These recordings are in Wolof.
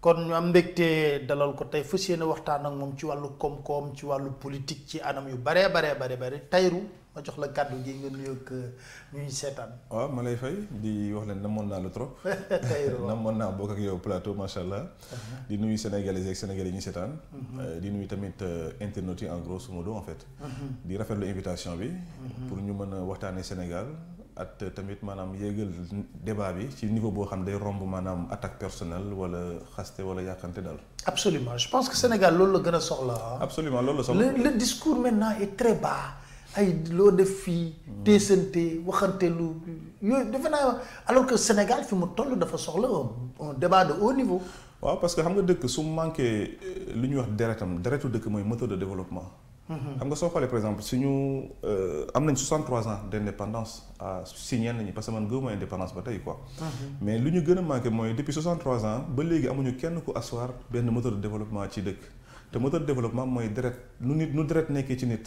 kon ñu am mbégte dalal ko tey fas yéene waxtaan ak moom ci wàllu koom-koom ci wàllu politique ci anam yu baree bare bare Tahirou ma jox la kàddu gi nga nuyoog euh, ñu seetaan. waaw ma lay fay di wax leen moon naa la trop. na moon naa bokk ak yow plateau macha allah. Uh-huh. di nuyu sénégalais ak yi ñu seetaan. Uh-huh. Euh, di nuyu tamit euh, internautes yi en grosso modo en fait. Uh-huh. di rafetlu invitation bi. pour ñu mën a waxtaanee Sénégal. at tamit manam yéegal débat bi ci niveau bo xam day romb manam attaque personnelle wala xaste wala yàqante dal absolument je pense que Sénégal loolu la gëna soxla hein. absolument loolu la soxla le discours maintenant est très bas ay lo def fii. Hmm. teesante waxante lu yooyu defe alors que Sénégal fi mu tollu dafa soxla un débat de haut niveau. waaw parce que xam nga dëkk su manqué euh, lu ñuy wax deretam deretu dëkk mooy moteur de développement xam nga soo xoolee par exemple suñu euh, am nañ 63 ans d'indépendance à signé parce que man gëwuma indépendance ba tey quoi. mais lu ñu gën a depuis 63 ans ba léegi amuñu kenn ku asseoir benn moteur de développement ci dëkk te moteur de développement mooy direct, nu nit nu deret nekkee ci nit.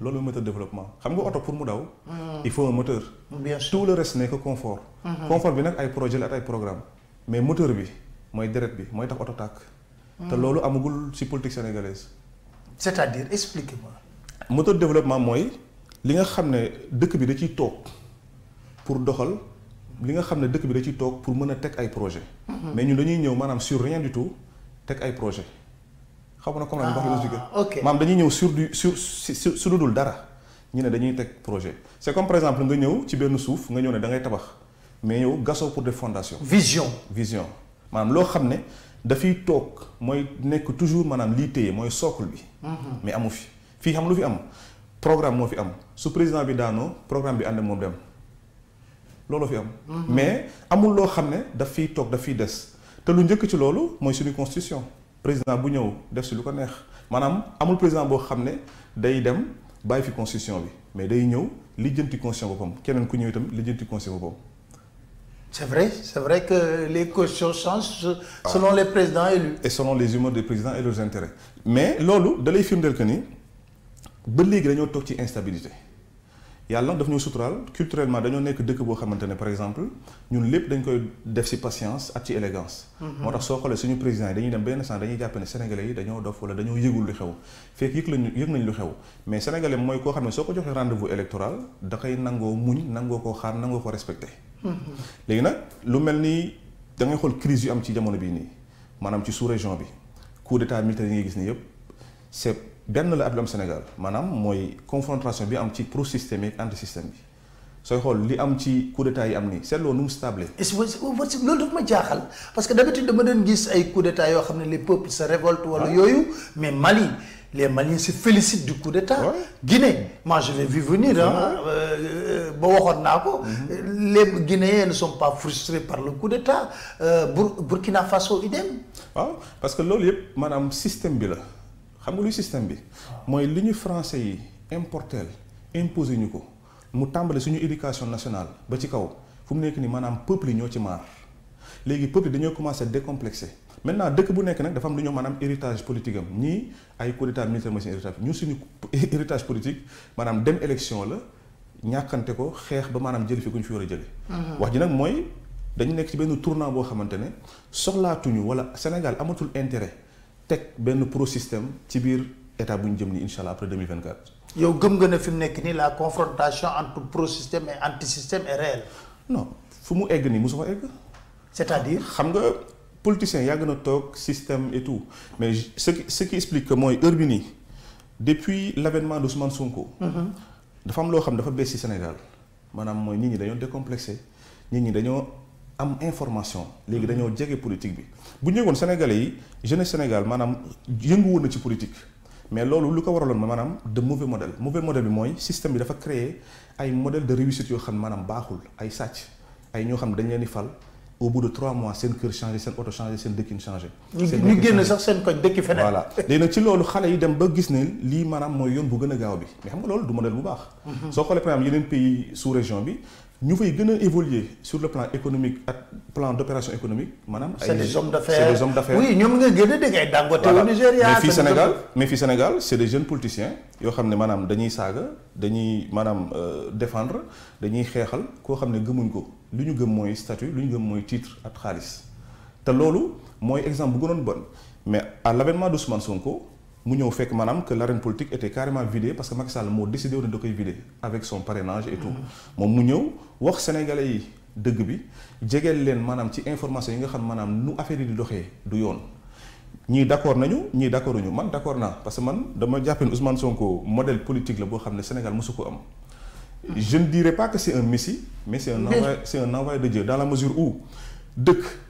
loolu mooy moteur développement xam nga oto pour mu daw. Mm. il faut un moteur. tout le reste nekk confort. Mm-hmm. confort bi nag ay projet la ay programme mais moteur bi mooy direct bi mooy tax oto tàkk. te mm. loolu amagul ci politique sénégalaise c'est-à-dire expliquez-moi. moteur développement mooy li nga xam ne dëkk bi da ciy toog pour doxal li nga xam ne dëkk bi da ciy toog pour mën a teg ay projet mhm. mais ñun dañuy ñëw manam sur rien du tout teg ay projet xam na comme la wax ah, la jóge maam dañuy ñëw sur du sur su dul dara ñu ne dañuy teg projet c'est comme par exemple nga ñëw ci benn suuf nga ñëw ne da ngay tabax mais yow gasoo pour des fondations vision vision manam lo xam ne dafay tok moy nek toujours manam li téye moy socle bi. Mhm. mais amu fi fi xam lu fi am programme mo fi am su président bi daanoo programme bi ande, mom dem looloo fi am. Mhm. mais amul lo xam ne daf fiy toog daf fiy des te lu ñëk ci lolu moy suñu constitution président bu ñëw def ci lu ko neex manam amul président bo xam ne day dem bay fi constitution bi mais day ñëw lijjanti constitution bopam kenen ku ñëw itam lijjanti constitution bopam c'est vrai, c'est vrai que les questions changent selon les présidents élus. Et selon les humeurs des présidents et leurs intérêts. Mais lolo, les lay films que il ba légui instabilité. Yalla daf ñuy suturaal culturellement dañoo nekk dëkk boo xamante ne par exemple ñun lépp dañ koy def ci patience ak ci élégance mhm. moo tax soo xoolee suñu président yi dañuy dem benn sens dañuy jàpp ne sénégalais yi dañoo dof wala dañoo yëgul lu xew fekk yëg lañu yëg nañ lu xew mais sénégalais mooy koo xam ne soo ko joxee rendez-vous électoral da koy nangoo muñ nangoo koo xaar nangoo ko respecté mhm. léegi nag lu mel ni da ngay xool crise yu am ci jamono bii nii maanaam ci sous région bi coup d'état militaire yi ngay gis ni yëpp c'est benn la at Sénégal maanaam mooy confrontation bi am pro système anti système ce sooy xool li am ci coup d'état yi am ni seetloo nu mu stable. est que dafa ma jaaxal parce que d'habitude dama doon gis ay coup d'état yoo les peuples se révoltent wala ah. yooyu mais Mali. les Maliens se félicitent du coup d'État. Guinée, moi je vais vu venir. Hein, euh, euh, mhm. Les Guinéens ne sont pas frustrés par le coup d'État. Euh, Burkina Faso, idem. Ah, parce que est le système, la xam nga le système bi français yi éducation nationale ba ci kaw fu nekk peuple yi ñoo ci maar peuple dañoo commencé maintenant dëkk bu nekk nag dafa am héritage politique am ay coup d'état militaire mooy héritage héritage politique maanaam dem élection la ñàkkante ko xeex ba maanaam fi fi a jële mhm. wax dañu nekk ci tournant wala Sénégal amatul intérêt tek le pro système ci biir état bu ni inshallah après 2024. yow gëm nga ne nekk la confrontation entre pro système et anti système est réelle. non fu mu egg ni, vous fa egg. c'est-à-dire xam nga politicien yàgg na système et tout mais ce qui ce qui explique que moi depuis l'avènement d'Ousmane Sonko. Mhm. dafa am lo xam dafa baisser Sénégal manam moy nit ñi dañu décomplexé nit ñi am information légui dañu jege politique bi bu ñu sénégalais yi jeunesse Sénégal maanaam yënguwoon na ci politique mais lolu lu ko waralon manam de mauvais modèle mauvais modèle bi moy système bi dafa créer ay modèle de réussite yo xam manam maanaam baaxul ay sàcc ay ñoo xam dañ leen di fal au bout de 3 mois sen cœur changé sen auto changé sen dekin changé. ñu génn sax sen koñ dëkki feneen. voilà léegi nag ci lolu xalé yi dem ba gis ne li manam moy yoon bu gëna a gaaw bi mais xam nga lolu du modèle bu baax. Mhm. so xoolee par exemple yeneen pays sous région bi nous voulons évoluer sur le plan économique plan d'opération économique madame. C'est des hommes d'affaires. Oui, nous hommes oui mais Sénégal Sénégal c'est des jeunes politiciens Yo madame dañuy dañuy euh, défendre dañuy xéxal statut luñu gëm moy titre at te exemple bu bon mais à l'avènement que Sonko mu ñëw fekk maanaam que l'arène politique était carrément vidée parce que Macky Sall moo décidé de da koy vider avec son parrainage et tout moom mu ñëw wax sénégalais yi dëgg bi jegeel leen maanaam ci information yi nga xam maanaam nu affaire yi di doxee du yoon ñii d'accord nañu ñii d'accorduñu man d'accord naa parce que man dama jàpp ne Ousmane Sonko modèle politique la boo xam ne Sénégal mosu ko am. je ne dirais pas que c'est un messie mais c'est un envoyé c'est un envoyé de Dieu dans la mesure où dëkk.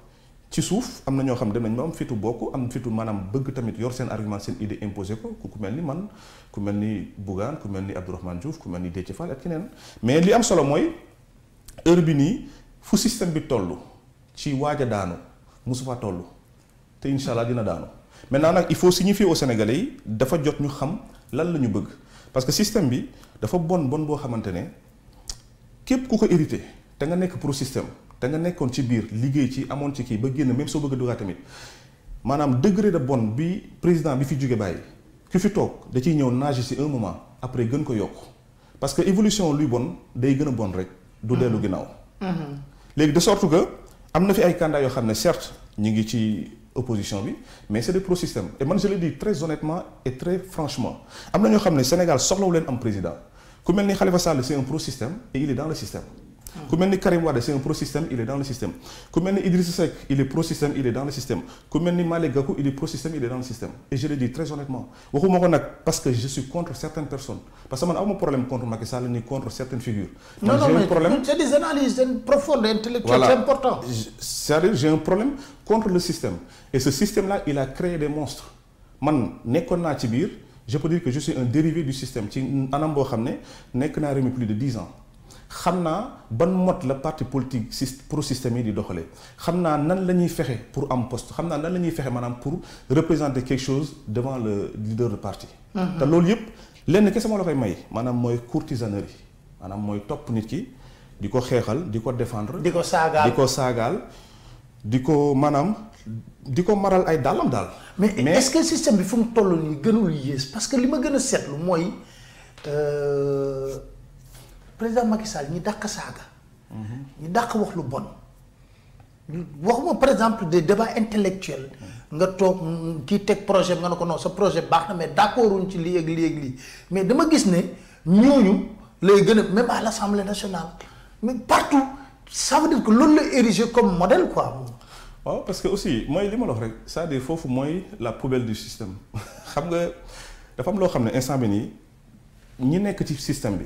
ci suuf am na ñoo xam dem nañ ma am fitu bokk am fitu maanaam bëgg tamit yor seen argument seen idée imposé ko ku mel ni man ku mel ni Bougane ku mel ni Abdourahmane Diouf ku mel ni Déthié Fall ak neen mais li am solo mooy heure bi nii fu système bi toll ci waaja a daanu mosu fa toll te incha allah dina daanu maintenant nag il faut signifier aux Sénégalais yi dafa jot ñu xam lan la ñu bëgg parce que système bi dafa bon bon boo xamante ne képp ku ko hérité te nga nekk pro système. da nga nekkoon ci biir liggéey ci amoon ci kii ba génn même soo bëgg a dugaat tamit maanaam degré de bon bi président bi fi jóge bàyyi ki fi toog da ciy ñëw nager si un moment après gën ko yokk parce que évolution lui bon day gën a bon rek du dellu mm-hmm. ginnaaw mm-hmm. léegi de sorte que am na fi ay candidats yoo xam ne certes ñi ngi ci opposition bi mais c'est le pro-système et man je le dis très honnêtement et très franchement am na ñoo xam ne Sénégal soxlawu leen am président ku mel ni Khalifa Sall c'est un pro-système et il est dans le système Comment mel Karim Wade c'est un pro-système il est dans le système Comment mel Idriss Seck il est pro-système il est dans le système Comment mel Malé Gakou il est pro-système il est dans le système et je le dis très honnêtement parce que je suis contre certaines personnes parce que man de problème contre Macky Sall ni contre certaines figures. non non mais problème c'est des analyses profondes intellectuelles c'est important. c'est-à-dire j'ai un problème contre le système et ce système-là il a créé des monstres man Nekona naa ci biir je peux dire que je suis un dérivé du système ci anam ne nekk plus de dix ans xamna ban mot la parti politique pro système yi di doxale xamna nan lañuy fexé pour am poste xamna nan lañuy fexé manam pour représenter quelque chose devant le leader de parti. Mhm. ta lool yëpp lenn kese moo la koy may manam moy courtisanerie manam moy top nit ki diko xéxal diko défendre. diko s'agal, diko sagal diko manam diko maral ay dalam dal. mais est-ce que système bi fu mu toll nii gënul yées parce que li ma gën a seetlu mooy. Euh, président Macky Sall ñi dàq saaga. ñi dakk wax lu bon. waxuma par exemple des débats intellectuels nga toog kii tek projet nga ko non ce projet baxna mais d'accord wuñ ci li ak li ak li mais dama gis ne ñooñu lay gëna même à l'Assemblée nationale mais partout ça veut dire que loolu la érigé comme modèle quoi. Oh, parce que aussi moy li ma la wax rek c'est-à-dire foofu mooy la poubelle du système xam nga dafa am lo xamné instant bi nii ñi nekk ci système bi.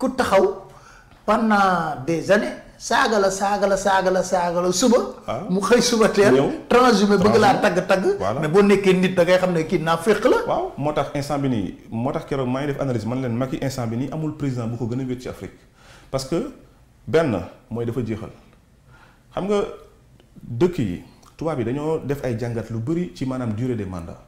pendant des années été la saga, la mu xey suba teel. transhumé bëgg laa tagg mais boo nekkee nit da ngay xam ne kii naa féq la. waaw moo tax instant bi nii moo tax keroog ngi def analyse man instant bi président bu ko Afrique parce que je mooy dafa jeexal xam nga dëkk yi tubaab yi def ay lu bëri ci durée des mandats.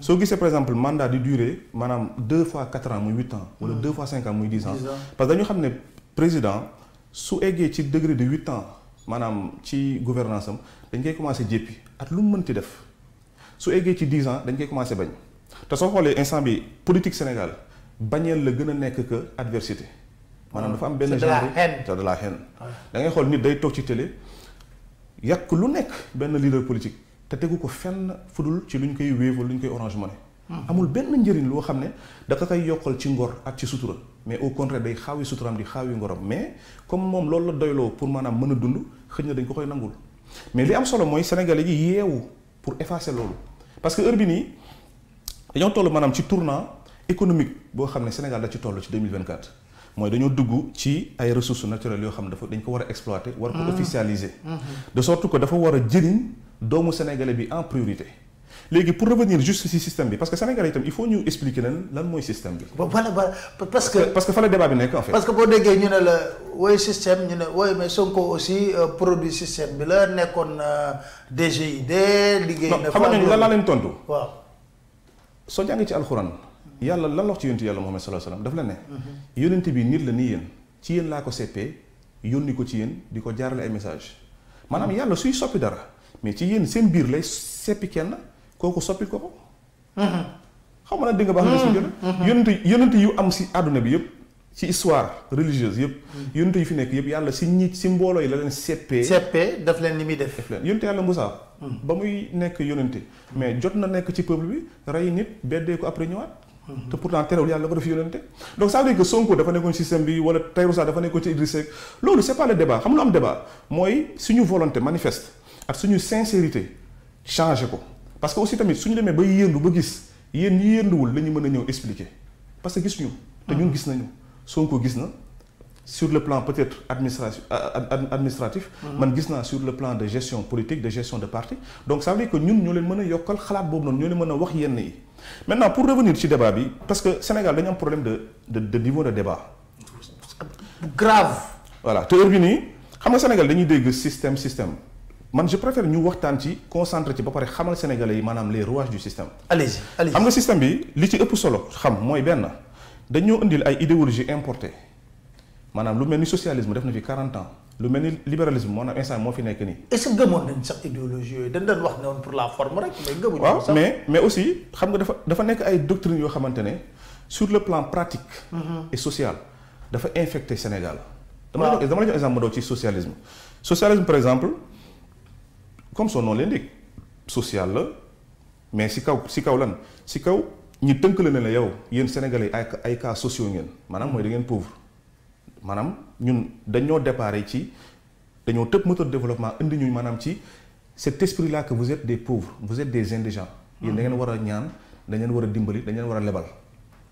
Ce qui c'est par exemple mandat de durée, madame, 2 fois 4 ans, 8 ans, ou mm-hmm. 2 fois 5 ans, 10 ans. Parce que nous savons que le président, sous un degré de 8 ans, madame, dans la gouvernance, il a commencé à dire, et ce qu'il peut faire. Sous un degré 10 ans, il a commencé à dire. De toute façon, l'ensemble politique sénégal, il le a que adversité. Madame, femme ben C'est de, de, de la haine. C'est de la haine. Vous voyez, les gens qui sont sur la télé, il y a leader politique te tegu ko fenn fudul ci luñ koy Wave luñ koy Orange Money mm-hmm. amul benn njëriñ loo xam da ko koy ci ngor ak mais au contraire day di mais comme moom loolu la pour maanaam mën a dund dañ ko koy nangul mais li am solo mooy sénégalais yi yeewu pour effacer loolu parce que Urbini bi nii dañoo tournant économique boo Sénégal da 2024 ay ressources naturelles dafa officialiser de sorte que dafa war doomu sénégalais bi en priorité léegi pour revenir juste ci système bi parce que sénégalais itam il faut ñu expliquer nan lan mooy système bi. voilà parce que parce que fa la débat bi nekk en fait. parce que boo déggee ñu ne la woy système ñu ne woy mais Sonko aussi euh, produit système bi la nekkoon DGID. Euh, liggéey na fa xam nga lan laa leen tontu. waaw soo jàngee ci alxuraan. yàlla lan la wax ci yonent yàlla Muhammad sallallahu alayhi wasallam daf la ne. Mhm. yonent bi nit la ni yéen ci yéen laa ko seppee yónni ko ci yéen di ko jaarale ay message maanaam mhm. yàlla suy soppi dara mais ci yéen seen biir lay seppi kenn kooku soppil ko ko. xam nga nag dégg nga baax na si jot. Mm-hmm. Mm-hmm. yonent yonent yu am si àdduna bi yëpp. ci histoire religieuse yëpp. Mm-hmm. yonent yu fi nekk yëpp yàlla si ñi si yi la leen seppee. seppee daf leen ni def. daf leen Moussa. Mm. ba muy nekk mais jot na ci peuple bi rey nit beddee ko après ñëwaat. te pourtant terewul yàlla ko def yonente donc ça veut dire que Sonko dafa nekkoon système bi wala dafa nekkoon ci Idriss c'est pas le débat xam am débat mooy suñu volonté manifeste ak suñu sincérité changé ko parce que aussi tamit suñu demee ba yëndu ba gis yéen ñi yënduwul la ñu mën a ñëw expliquer parce que gisuñu te ñun gis nañu Sonko gis na sur le plan peut-être administration euh, administratif mhm. man gis naa sur le plan de gestion politique de gestion de parti donc ça veut dire que ñun ñoo leen mën a yokkal xalaat boobu noonu ñoo leen wax yi maintenant pour revenir le débat bi parce que Sénégal dañu am problème de de de niveau de débat grave voilà te heure revenu. nii xam nga Sénégal dañuy dégg système système man je préfère ñu waxtaan ci concentré ci ba pare xamal sénégalais yi maanaam les rouages du système. allez-y allez-y xam nga système bi li ci ëpp solo xam mooy benn dañoo indil ay idéologie importée Madame, lu mel socialisme def na fi 40 ans. lu mel libéralisme moo nag instant moo fi nekk ni. est-ce que gëmoon nañ sax idéologie yooyu dañ doon wax pour la forme rek. mais gëmuñu waaw mais mais aussi xam nga dafa dafa nekk ay doctrines yoo sur le plan pratique. Mhm. et social dafa infecté Sénégal. dama la jox dama la exemple ma ci socialisme. socialisme par exemple comme son nom l'indique social la mais si kaw si kaw lan si kaw ñu tënk la ne la yow yéen sénégalais ay ay cas sociaux ngeen maanaam mooy da ngeen pauvre maanaam ñun dañoo déparé ci dañoo tëb moteur de développement indi ñu maanaam ci cet esprit là que vous êtes des pauvres vous êtes des gens yéen gens. ngeen war a ñaan da ngeen war a dimbali da ngeen war a lebal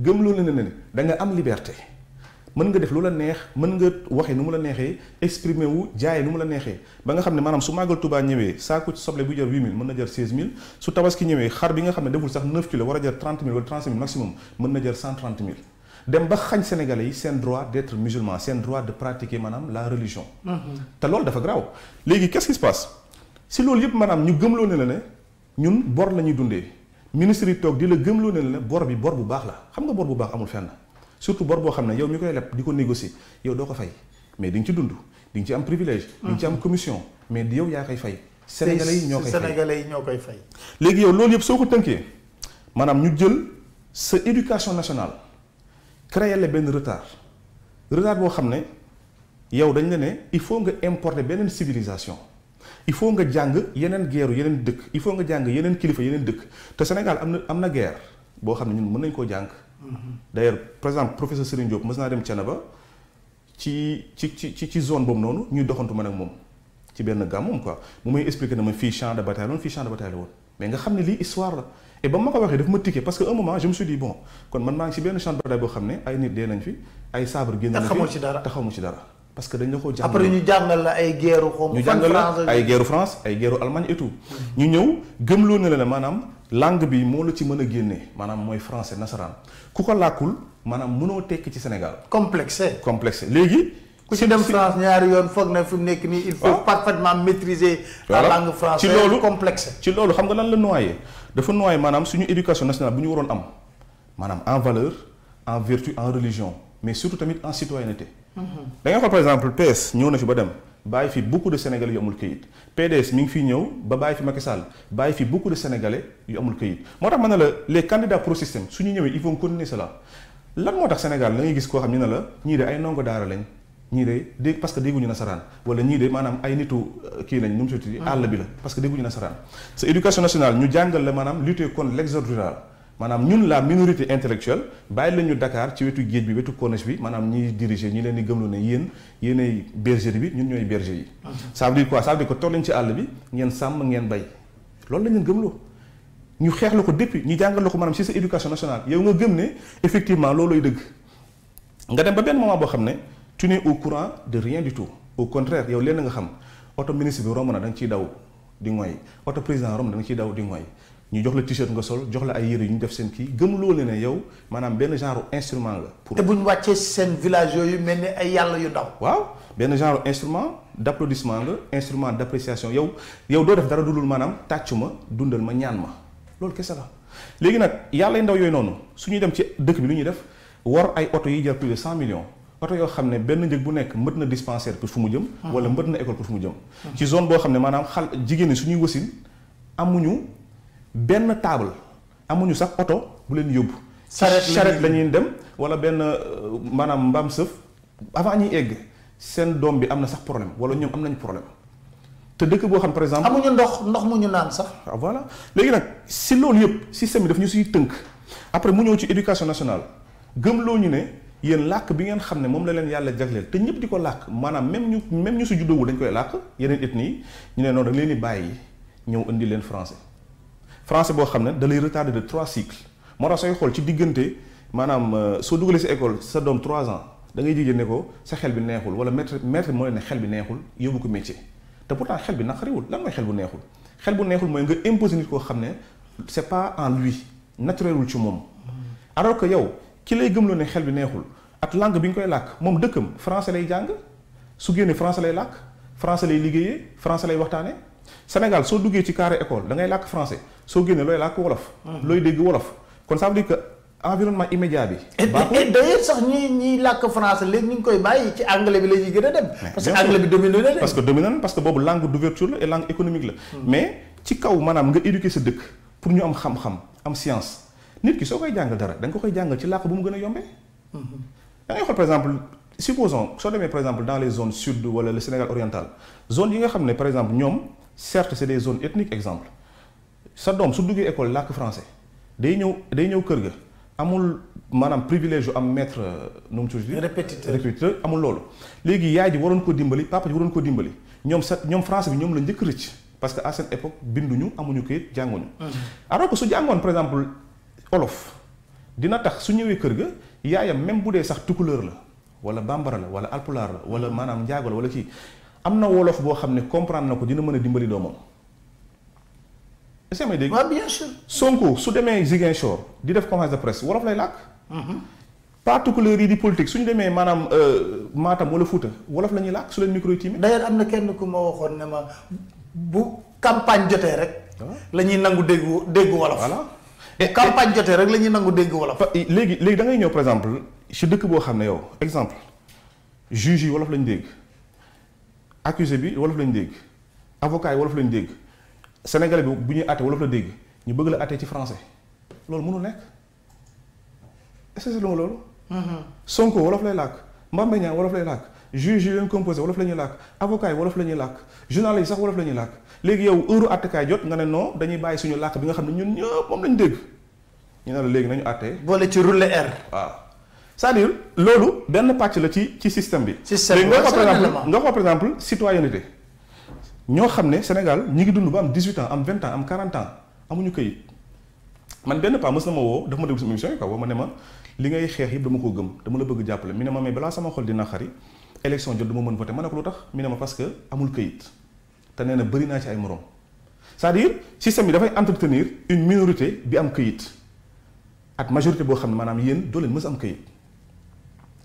gëm loolu ne ne da nga am liberté mën nga def lu la neex mën nga waxee nu mu la neexee exprimer wu jaayee nu mu la neexee ba nga xam ne maanaam su màggal Tuubaa ñëwee saako soble bu jar 8000 mën na jar 16000 su tabaski ñëwee xar bi nga xam ne deful sax 9 kilo war a jar 30 000 wala 35 000 maximum mën na jar 130 000 dem ba xañ sénégalais yi seen droit d'être musulman seen droit de pratiquer maanaam la religion. Mhm. te loolu dafa graaw léegi qu'est-ce qui se passe si loolu yëpp maanaam ñu gëmloo ne la ne ñun bor la ñuy dundee ministre tok di la gëmloo ne la bor bi bor bu baax la xam nga bor bu baax amul fenn surtout bor bo xamne yow mi koy lepp diko ko négocier yow do ko fay mais di nga ci dund di nga ci am privilège. di nga ci am mm. commission mais di yow ya kay fay. Sénégalais yi ñoo fay Sénégalais yi ñoo fay. léegi yow lool yëpp soo ko tënkee maanaam ñu jël sa éducation nationale créer le ben retard retard bo xamne yow dañ la né il faut nga importer benen civilisation. il faut nga jàng yeneen geeru yeneen dëkk il faut nga jàng yeneen kilifa yeneen dëkk te Sénégal am na am na guerre boo xam ne ñun mën nañ koo jàng mhm. d'ailleurs par exemple professeur Serigne Diop mës naa dem Thiénaba ci ci ci ci zone boobu noonu ñuy doxantu man ak moom ci benn gàmmoom quoi mu may expliqué na ma fii champ de bataille woon fii champ de bataille mais nga xam ne lii histoire la et ba ma ko waxee daf ma tiqué parce que un moment je me suis dit bon kon benn champ boo xam ne ay nit dee nañ fi ay sabre génn nañ fi te xamoo ci dara parce que dañu ko jàngal après ñu jàngal la ay guerru France ay guerre Allemagne et tout ñu ñëw gëmloo na la maanaam langue bi moo la ci mën a génnee maanaam mooy français nasaraan ku ko làkkul maanaam mënoo tekki ci Sénégal complexe complexe léegi ku ci dem France ñaari yoon foog na fi mu nekk nii il faut parfaitement maîtriser la langue française ci loolu complexe ci loolu xam nga lan la noyé dafa noyé maanaam suñu éducation nationale bu ñu waroon am maanaam en valeur en vertu en religion mais surtout tamit en citoyenneté Mhm. par exemple PS na beaucoup de sénégalais ont amul këyit PDS mi ngi fi ba fi beaucoup de sénégalais qui amul les candidats pro système ils vont connaître cela lan moo au Sénégal da ngay gis de ay de parce que dégguñu sont wala train de se ay nitu euh, mhm. parce que nationale nous avons lutter contre l'exode rural manam ñun la minorité intellectuelle bàyyi la ñu Dakar ci wetu guedj bi wetu corniche bi manam ñi diriger ñi leen di gëmlu né yeen yéenay bergerie bi ñun ñoy berger yi. ça veut dire quoi ça veut dire que toog ci all bi ñen sam ngeen bay loolu la ñu gëmloo ñu xéxlu ko depuis ñu jangal ko manam ci sa éducation nationale yow nga gëm ne effectivement loolooy dëgg nga dem ba benn moment bo xamné ne tu n'es au courant de rien du tout au contraire yow lén nga xam auto ministre bi romana na ci daw di ngoy auto président romb na ci daw di ngoy ñu jox la t-shirt nga sol jox la ay yére yu ñu def seen kii gëmuloo leen ne yow maanaam benn genre instrument la. pour te bu wàccee seen village yooyu mel ni ay yàlla yu ndaw. waaw benn genre instrument d' applaudissement la instrument d' appréciation yow yow doo def dara dudul maanaam tàccu ma dundal ma ñaan ma loolu kese la. léegi nag yàlla yu ndaw yooyu noonu suñu dem ci dëkk bi lu ñuy def war ay oto yi jar plus de cent millions. oto yoo xam ne benn njëg bu nekk mët na dispensaire pour fu mu jëm. Hum. wala mët na école pour fu mu jëm. ci zone boo xam ne maanaam xal jigéen ñi suñuy wasin amuñu ben table amuñu sax auto, bu len yobbu charrette charrette lañuy dem wala ben euh, manam mbaam avant ñi egg sen dom bi am sax problème wala ñom am problème te dëkk boo xam par exemple. amuñu ndox ndox mu ñu naan sax. Ah, voilà léegi nag si loolu yëpp système bi daf ñu siy tënk après mu ñëw ci éducation nationale gëmloo ñu ne yéen làkk bi ngeen xam ne moom la leen yàlla jagleel te ñëpp di ko làkk maanaam même ñu même ñu su juddoowul dañ koy làkk yeneen ethnie ñu ne noonu dañ leen ni bàyyi ñëw indi leen français français boo xam ne da lay retardé de trois cycles moo tax sooy xool ci diggante maanaam euh, soo dugalee si école sa doom trois ans da ngay jigéen ne ko sa xel bi neexul wala maître maître moo leen ne xel bi neexul yóbbu ko métier te pourtant xel bi naqariwul lan mooy xel bu neexul xel bu neexul mooy nga imposer nit koo xam ne c'est pas en lui naturelul ci moom alors que yow ki lay gëmloo ne xel bi neexul ak langue bi nga koy làkk moom dëkkam français lay jàng su génnee français lay làkk français lay liggéeyee français lay waxtaanee Sénégal soo duggee ci carré école da ngay làkk français soo génnee looy làkk wolof. Mhm. looy dégg wolof kon ça veut dire que environnement immédiat bi. et d'ailleurs sax ñi ñiy làkk français léegi ñu ngi koy bàyyi ci anglais bi la ñuy dem. parce que anglais bi dominé parce que dominé parce que boobu langue d'ouverture et langue économique la. Hmm. mais ci kaw maanaam nga éduquer sa dëkk pour ñu am xam-xam am science nit ki soo koy dara da nga ko koy jàngal ci làkk bu mu gëna yombé hmm. da ngay xol par exemple. supposons soo demee par exemple dans les zones sud wala le Sénégal oriental zone yi nga xamné par exemple ñom certes c'est des zones ethniques exemple sa dom su duggee école làkk français day ñëw day ñëw kër ga amul manam privilège am maître euh, nu mu tudd répétiteur répétiteur amul lolu légui yaay ji waron ko dimbali papa ji waron ko dimbali ñom ñom français bi ñom la ñëk rëcc parce que à cette époque binduñu amuñu kayit jànguñu mm-hmm. alors que su jangone par exemple olof dina tax su ñëwé kër ga yaayam même bu dee sax tukulóor la wala bambara la wala alpular la wala manam njaago la wala kii amna wolof bo xamné comprendre nako dina mëna dimbali domam est-ce may dégg. wa bien sûr. Sonko su démé demee chor di def conférence de presse wolof lay làkk. Mm-hmm. particulier yi di politique su ñu demee maanaam euh, Matam wala Fouta wolof lañuy lak su len micro yi tiimee. d'ailleurs am kenn ku ma waxoon né ma bu campagne jotté rek. Ah. lañuy nangu dégg dégg wolof. voilà et campagne jotté rek lañuy nangu dégg wolof. légui légui da ngay ñëw par exemple si dëkk bo xamné ne yow exemple juge wolof lañ dégg accusé bi wolof lañ dégg avocat yi wolof lañ dégg sénégalais bi bu ñuy àtte wolof la dégg ñu bëgg la atté ci français loolu mënul nekk est-ce que c'est loolu. Mm-hmm. Sonko wolof lay làkk mbambe ñaan wolof lay làkk juge yi leen composé wolof la ñuy làkk avocat yi wolof la ñuy làkk journaliste yi sax wolof la ñuy làkk léegi yow heure àttekaay jot nga ne non dañuy bàyyi suñu làkk bi nga xam ne ñun ñëpp moom lañ dégg ñu ne la léegi nañu atté. boole ci rouler R. waaw c'est-à-dire loolu benn pàcc la ci ci système bi. système par exemple nga ko par exemple citoyenneté ñoo xam Sénégal ñi ngi dund ba am 18 ans am 20 ans am 40 ans amuñu këyit man benn pas mës na woo dafa ma déglu sama émission yi quoi ma ne ma li ngay xeex yëpp dama ko gëm dama la bëgg jàppale mi ne ma mais balaa sama xol dina xari élection jot duma mën voté ma ne ko lu tax mi ne ma parce que amul këyit te nee na bëri naa ci ay morom c'est-à-dire système bi dafay entretenir une minorité bi am këyit ak majorité boo xam ne maanaam yéen doo leen mës am këyit.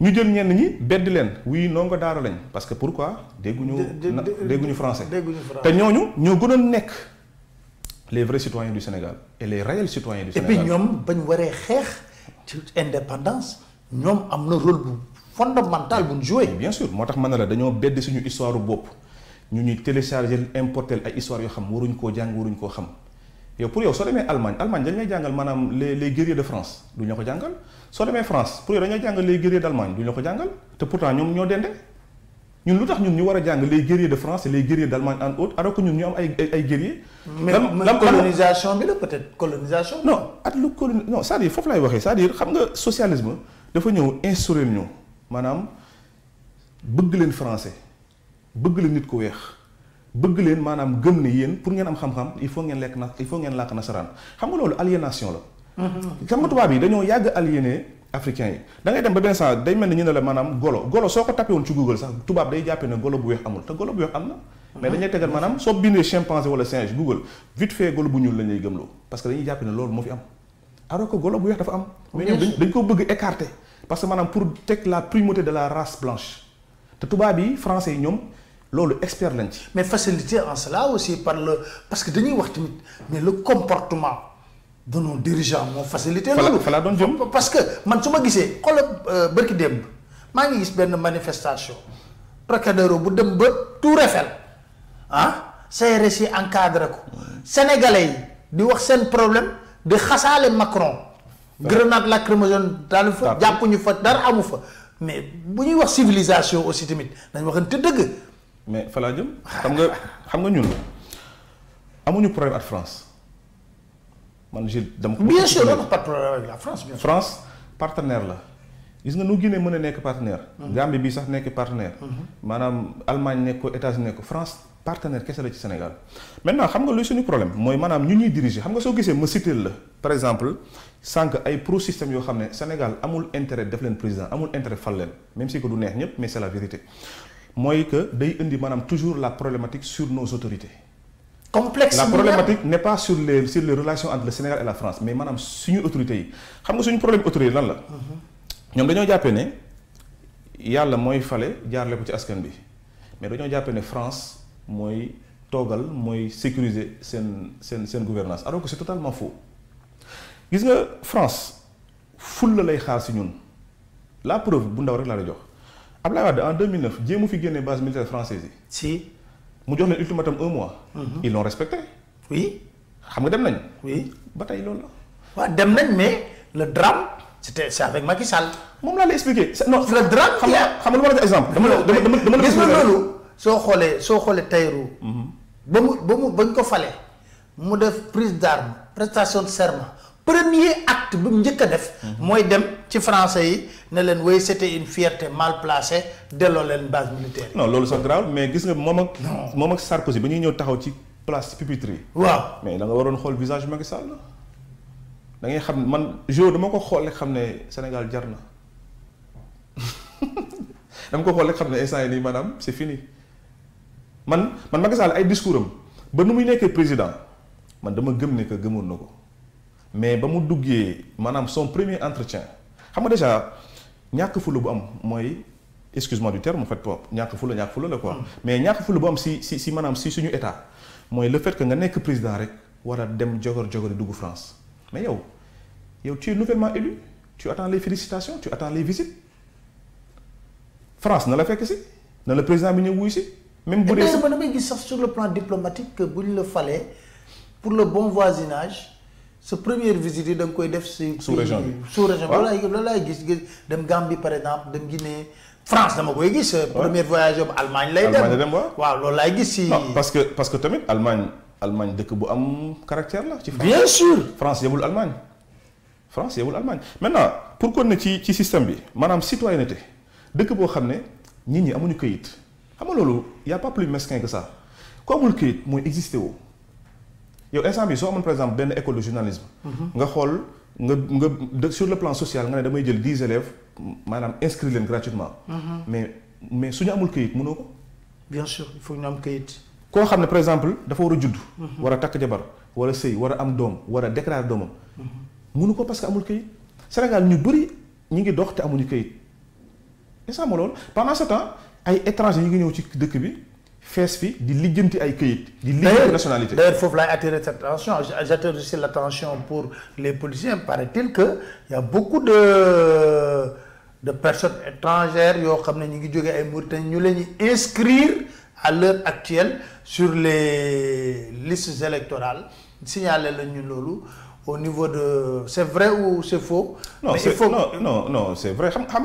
ñu jël ñenn ñi bedd leen wuy ndongo daara lañ parce que pourquoi dégguñu dégguñu français te ñooñu ñoo gënoon nek. les vrais citoyens du Sénégal et les réels citoyens du Sénégal et puis nous, bañ waree xeex ci indépendance nous, am na rôle fondamental bu ñu joué bien sûr moo tax ma ne la dañoo bedd suñu histoire bopp ñu ñuy télécharger importer ay histoire yoo xam waruñ koo jàng waruñ koo xam yow pour yow soo demee Allemagne Allemagne dañ lay jàngal maanaam les les guerriers de France duñ ko jàngal soo demee France pour yow dañ lay jàngal les guerriers d'Allemagne duñ ko jàngal te pourtant ñoom ñoo dende ñun lu tax ñun ñu war a jàng les guerriers de France et les guerriers d'Allemagne en haut. alors que ñun ñu am ay ay guerriers. mais colonisation bi la peut-être colonisation. non at lu colon non c'est-à-dire foofu lay waxee c'est-à-dire xam nga socialisme dafa ñëw instaurer ñu maanaam bëgg leen français bëgg leen nit ku weex bëgg leen maanaam gëm ne yéen pour ngeen am xam-xam il faut ngeen lekk na il faut ngeen làkk nasaraan xam nga loolu aliénation la. Mm-hmm. xam nga tubaab yi dañoo yàgg aliéné africain yi da ngay dem ba benn saa day mel ni ñu ne la maanaam golo golo soo ko tapé woon ci Google sax tubaab day jàppee ne golo bu weex amul te golo bu weex am na. Mm-hmm. mais dañuy tegal maanaam soo bindee chimpanzé wala singe Google vite fait golo bu ñuul lañuy ñuy gëmloo parce que dañuy jàpp ne loolu moo fi am alors que golo bu weex dafa am. mais ñoom dañ dañ ko bëgg écarter parce que maanaam pour teg la primauté de la race blanche te tubaab yi français yi ñoom loolu expert lañ mais facilité en cela aussi par le parce que dañuy wax tamit mais le comportement de nos dirigeants mo facilité. loolu fa la doon parce que man suma ma gisee xoolal euh, bërki démb maa ngi gis manifestation Trocadéro bu dem ba tout refel ah C'est yi encadré ko sénégalais di wax sen problème de xasaale Macron. grenade lacrymogène dans fa jàppuñu fa dara amu fa mais bu ñuy wax civilisation aussi tamit dañ waxante deug mais fala laa xam nga xam nga ñun amuñu problème ak France man je dama. bien sûr on pas problème avec la France. bien sûr France partenaire la. gis nga nu Guinée mën a nekk partenaire. Mhm. Gambie bi sax nekk partenaire. Mhm. maanaam Allemagne nekk ko États-Unis nekk ko France partenaire kese la ci Sénégal. maintenant xam nga luy suñu problème mooy maanaam ñu ñuy diriger xam nga soo gisee ma cité la par exemple sànq ay pro système yoo xam ne Sénégal amul intérêt def leen président amul intérêt fal leen même si que du neex ñëpp mais c'est la vérité moy que day indi manam toujours la problématique sur nos autorités. la problématique n'est pas sur les sur les relations entre le Sénégal et la France mais sur nos autorités yi xam nga suñu problème autorité lan la. Mhm. ñom dañu jappé né yalla moy falé jaarale ko ci askan bi mais dañu jappé né France moy togal moy sécuriser sen sen sen gouvernance alors que c'est totalement faux gis nga France fulla lay xaar si ñun la preuve bu ndaw rek la lay Abdoulaye Wade en 2009 m'a fi génne base militaire française si mu jox leen ultimatum un mois. Mhm. ils l'ont respecté. oui xam nga dem nañ. oui ba tey loolu la. dem nañ mais le drame c'était c'est avec Macky Sall. Mom la lay expliquer. non le drame xam nga xam nga lu exemple. dama dama dama la gis nga loolu. soo xoolee soo xoolee Tayrou. Hmm. mu ba mu bañ ko falé mu def prise d'arme prestation de serment premier acte bi mu njëkk def. mooy dem ci français yi ne leen wey c'était une fierté mal placée delloo leen base militaire. non loolu sax grave mais gis nga moom ak. moom ak Sarkozy ba ñuy ñëw taxaw ci place pupitre yi. mais da nga waroon xool visage Macky Sall da ngay xam man jour dama ko xool rek xam ne Sénégal jar na dama ko xool rek xam instant yi nii maanaam c'est fini man man Macky Sall ay discours am ba nu muy nekkee président man dama gëm ne que gëmoon na mais ba mu duggee son premier entretien xam nga déjà ñàkk fulu bu am moy excuse-moi du terme en fait pop ñàkk fulu ñàkk fulu la quoi. Hmm. mais ñàkk fulu bu am si si si maanaam si suñu état moy le fait que nga nek président rek wara dem jogor jogor dugg France mais yow yow tu es nouvellement élu tu attends les félicitations tu attends les visites France na la fekk si na le président bi ñëw ici. même bu dee si sur le plan diplomatique que buñ le fallait pour le bon voisinage sa première visite yi da koy def si. sous région sous région bi. waaw ah. loolu laay gis gis dem Gambie par exemple dem Guinée France dama koy gis. Ah. premier voyage en Allemagne lay dem Allemagne dem waaw. loolu lay gis si. parce que parce que tamit Allemagne Allemagne dëkk bu am caractère la. ci bien sûr France yebul Allemagne France yebul Allemagne maintenant pour kon ne ci ci système bi manam citoyenneté dëkk bo xamné ne nit ñi amuñu keuyit xam nga il y' a pas plus mesquin que ça ku amul keuyit moy existé woo yow instant bi soo amoon par exemple benn école de journalisme. Mhm. nga xool nga nga sur le plan social nga ne damay jël 10 élèves maanaam inscrit leen gratuitement. Mhm. mais mais suñu amul këyit mënoo ko. bien sûr il faut ñu am këyit. koo xam ne par exemple dafa war a judd. Mhm. war a takk jabar war a sëy war a am doom war a déclarer doomam. mënu ko parce que amul këyit Sénégal ñu bëri ñu ngi dox te amuñu këyit instant ma loolu pendant ce temps ay étrangers ñu ngi ñëw ci dëkk bi fais fi di lijjanti ay de di nationalité d'ailleurs il faut attirer cette attention j'attire aussi l'attention pour les policiers paraît-il que y a beaucoup de de personnes étrangères yo, ont ne ñu ngi jógee ay les inscrire à l'heure actuelle sur les listes électorales signaler le ñu au niveau de c'est vrai ou c'est faux non c'est faux non non non c'est vrai xam xam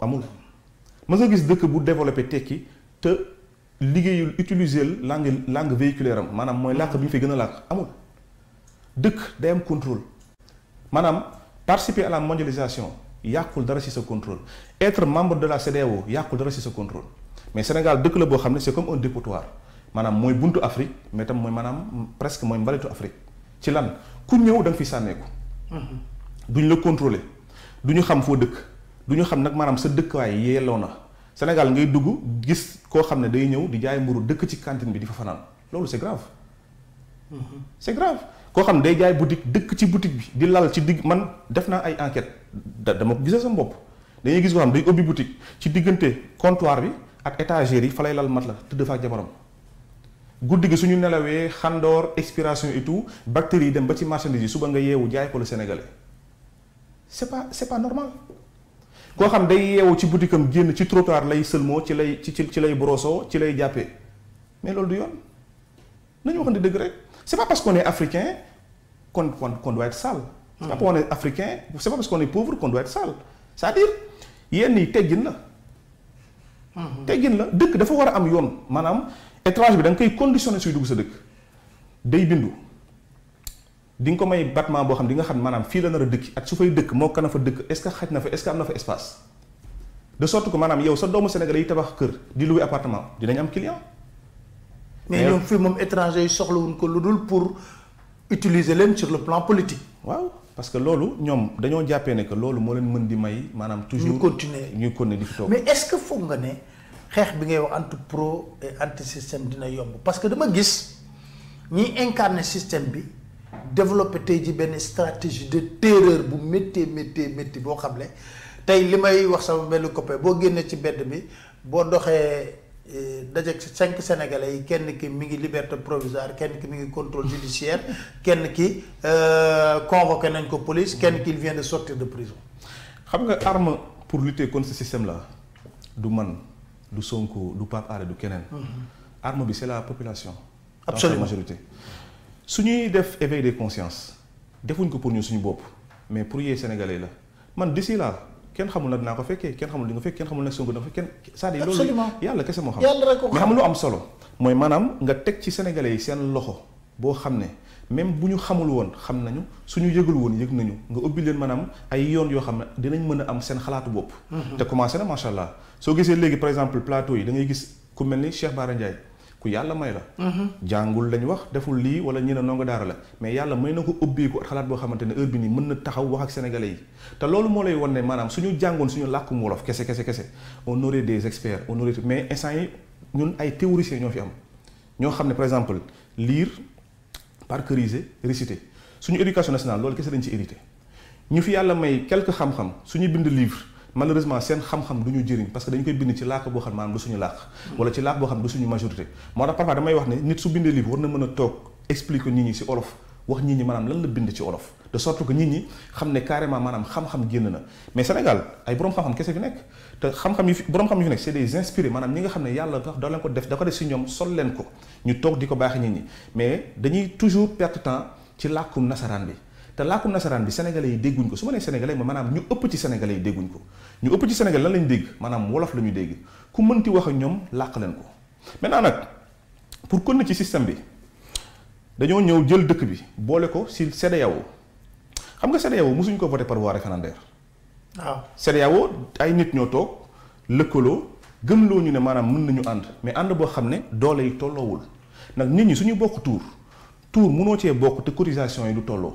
amul ma nga gis bu développé tekki te utiliser langue langue véhiculaire am maanaam mooy bi ñu a amul day am contrôle maanaam participer à la mondialisation yàqul dara contrôle être membre de la CEDEAO yàqul dara ci contrôle mais Sénégal dëkk la c'est comme un dépotoir maanaam mooy buntu Afrique mais tam mooy maanaam presque mooy mbalitu Afrique ci lan ku ñëw mhm. contrôler duñu xam duñu xam nak manam sa dëkkuwaay yeeloo na sénégal ngay dugg gis ko xamné day ñëw di jaay mburu dëkk ci cantine bi di fa fanal lolu c'est grave mm-hmm. c'est grave ko xam day jaay boutique dëkk ci boutique bi di lal ci dig man def na ay enquête dama ko gisee sama bopp dañuy gis ko xam day ubbi boutique ci digënté comptoir bi ak étagère yi fa lay lal mat la tëdd fa ak jabaram guddi gi suñu nelawé xandor expiration et tout bactéries dem ba ci marchandise suba nga yewu jaay ko le sénégalais c'est pas c'est pas normal ko xam day yeewu ci boutique am genn ci trottoir lay seulement ci lay ci ci lay broso ci lay jappé mais lolou du yoon nañu waxante deug rek c'est pas parce qu'on est africain qu'on qu'on qu'on doit être sale c'est pas hmm. parce qu'on est africain c'est pas parce qu'on est pauvre qu'on doit être sale c'est-à-dire yenn yi teggin la hmm. teggin la deuk dafa wara am yoon manam étrange bi dang koy conditionner suy dugg sa deuk day bindou di nga ko may bâtiment boo xam di nga xam maanaam fii la nar a dëkk ak su fay dëkk moo kana fa dëkk est-ce que xaj na fa est-ce que am na fa espace de sorte que maanaam yow sa doomu Sénégal yi tabax kër di louer appartement dinañ am client. mais ñoom fii moom étranger yi soxlawuñ ko lu dul pour utiliser leen sur le plan politique. waaw parce que loolu ñoom dañoo jàppee ne que loolu moo leen mën di may maanaam. toujours ñu continuer ñu continuer di fi toog. mais est-ce que foog nga ne xeex bi ngay wax anti pro et anti système dina yomb parce que dama gis ñiy incarner système bi. développer tay ji ben stratégie de terreur bu métti métti métti bo xam tay limay wax sama benn copain bo génné ci mbedd bi boo doxee eh, dajeeg 5 sénégalais kenn ki mi ngi liberté provisoire kenn ki mi ngi contrôle judiciaire kenn ki euh, convoqué nañ ko police kenn ki vient de sortir de prison. xam nga arme pour lutter contre ce système là du man du Sonko du pas Alé du kenen mm-hmm. arme bi c'est la population. absolument dans la majorité su ñuy def éveil de conscience defuñ ko pour ñu suñu bopp mais pour yee sénégalais la man d'ici là kenn xamul nag dinaa ko fekkee kenn xamul di nga fekk kenn xamul nag Sonko dina ko fekk kenn c'est-à-dire loolu yàlla kese moo xam mais xam lu am solo mooy maanaam nga teg ci sénégalais yi seen loxo boo xam même buñu xamul won xam nañu suñu yëgul won yëg nañu nga ubbi len manam ay yoon yo xamné dinañ mëna am sen xalaatu bop mhm. te commencé na machallah so soo légui par exemple plateau yi da ngay gis ku melni Cheikh Bara Ndiaye ku yàlla may la mm-hmm. jàngul lañ wax deful lii wala ñi ne ndongo daara la mais yàlla may na ko ubbeeku at xalaat boo xamante ne heure bi nii mën na taxaw wax ak sénégalais yi te loolu moo lay wan ne maanaam suñu jàngoon suñu làkkum wolof kese kese kese on des experts on aurait mais instant ñun ay théoriciens ñoo fi am ñoo xam ne par exemple lire parcuriser réciter suñu éducation nationale loolu kese dañ ci hérité ñu fi yàlla may quelque xam-xam suñu malheureusement seen xam-xam du ñu jëriñ parce que dañ koy bind ci làkk boo xam maanaam du suñu làkk wala ci làkk boo xam du suñu majorité moo tax parfois damay wax ne nit su bindee livre war na mën a toog expliquer nit ñi ñi bind ci olof de sorte que ñi xam ne carrément maanaam xam-xam génn na mais Sénégal ay borom xam-xam kese fi nekk te xam-xam yi fi borom xam yi fi nekk c'est des inspirés maanaam ñi nga xam ne yàlla da leen ko def da ko def si ñoom sol leen ko ñu toog di ko baax nit ñi mais dañuy toujours perte temps ci làkkum nasaraan bi te làkkum nasaraan bi sénégalais yi dégguñ ko su ma nee sénégalais ma maanaam ñu ëpp ci sénégalais yi dégguñ ko ñu ëpp ci sénégal lan lañ dégg maanaam wolof la ñu dégg ku mënti wax ak ñoom làq leen ko maintenant nag pour kon ci système bi dañoo ñëw jël dëkk bi boole ko si CEDEAO xam nga CEDEAO mosuñ ko voté par voie référendaire waaw CEDEAO ay nit ñoo toog lëkkaloo gëmloo ñu ne maanaam mën nañu ànd mais ànd boo xam ne doole yi tolloowul nag nit ñi suñu bokk tuur tuur mënoo cee bokk te cotisation yi du tolloo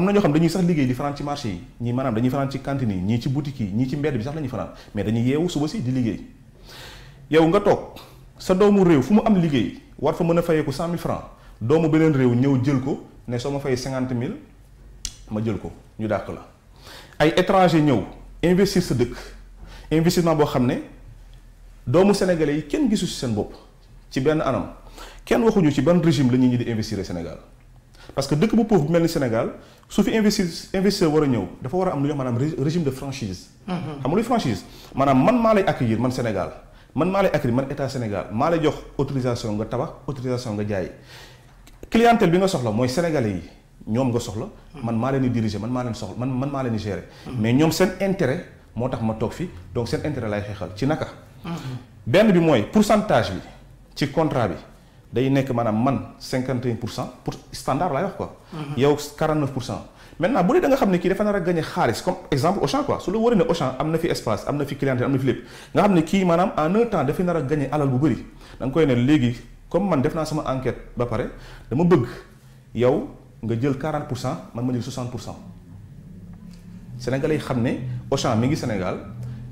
amna na ñoo xam dañuy sax liggéey di fanaan ci marché ñi manam dañuy fanaan ci cantine ñi ci boutique ñi ci mbedd bi sax la ñuy mais dañuy yewu suba ci di liggéey yow nga Tok, sa doomu réew fu mu am liggéey war fa mëna fayeku 100000 francs doomu benen réew ñew jël ko né soo fay 50000 ma jël ko ñu dakk la ay étranger ñew investir sa dëkk investissement bo xamné doomu sénégalais yi kenn gisu ci seen bop ci ben anam kenn waxuñu ci ban régime la ñi di investir Sénégal parce que dès bu vous bu mel Sénégal su investisseur war a ñëw dafa war am lu régime de franchise. Mhm. xam nga franchise maanaam man maa accueillir man Sénégal man maa lay accueillir man état Sénégal maa lay jox autorisation nga tabax autorisation nga jaay clientèle bi nga soxla mooy sénégalais yi. ñoom nga soxla man mal leen diriger man maa leen soxla man man maa leen gérer mhm. mais ñoom seen intérêt moo tax ma toog fi donc seen intérêt lay xeexal ci naka mhm. benn bi mooy pourcentage bi ci contrat bi day nekk maanaam man 51 pour cent pour standard laay wax quoi. Mhm. yow 49 pour cent. maintenant bu dee da nga xam ne kii dafa nar a gagné xaalis comme exemple Auchan quoi su la wóoree ne am na fi espace am na fi clientèle am na fi lépp nga xam ne kii maanaam en un temps dafa nar a gagné alal bu bëri da koy ne léegi comme man def naa sama enquête ba pare dama bëgg yow nga jël quarante pour cent man ma jël 60 pour cent sénégalais xam ne Auchan mi ngi Sénégal.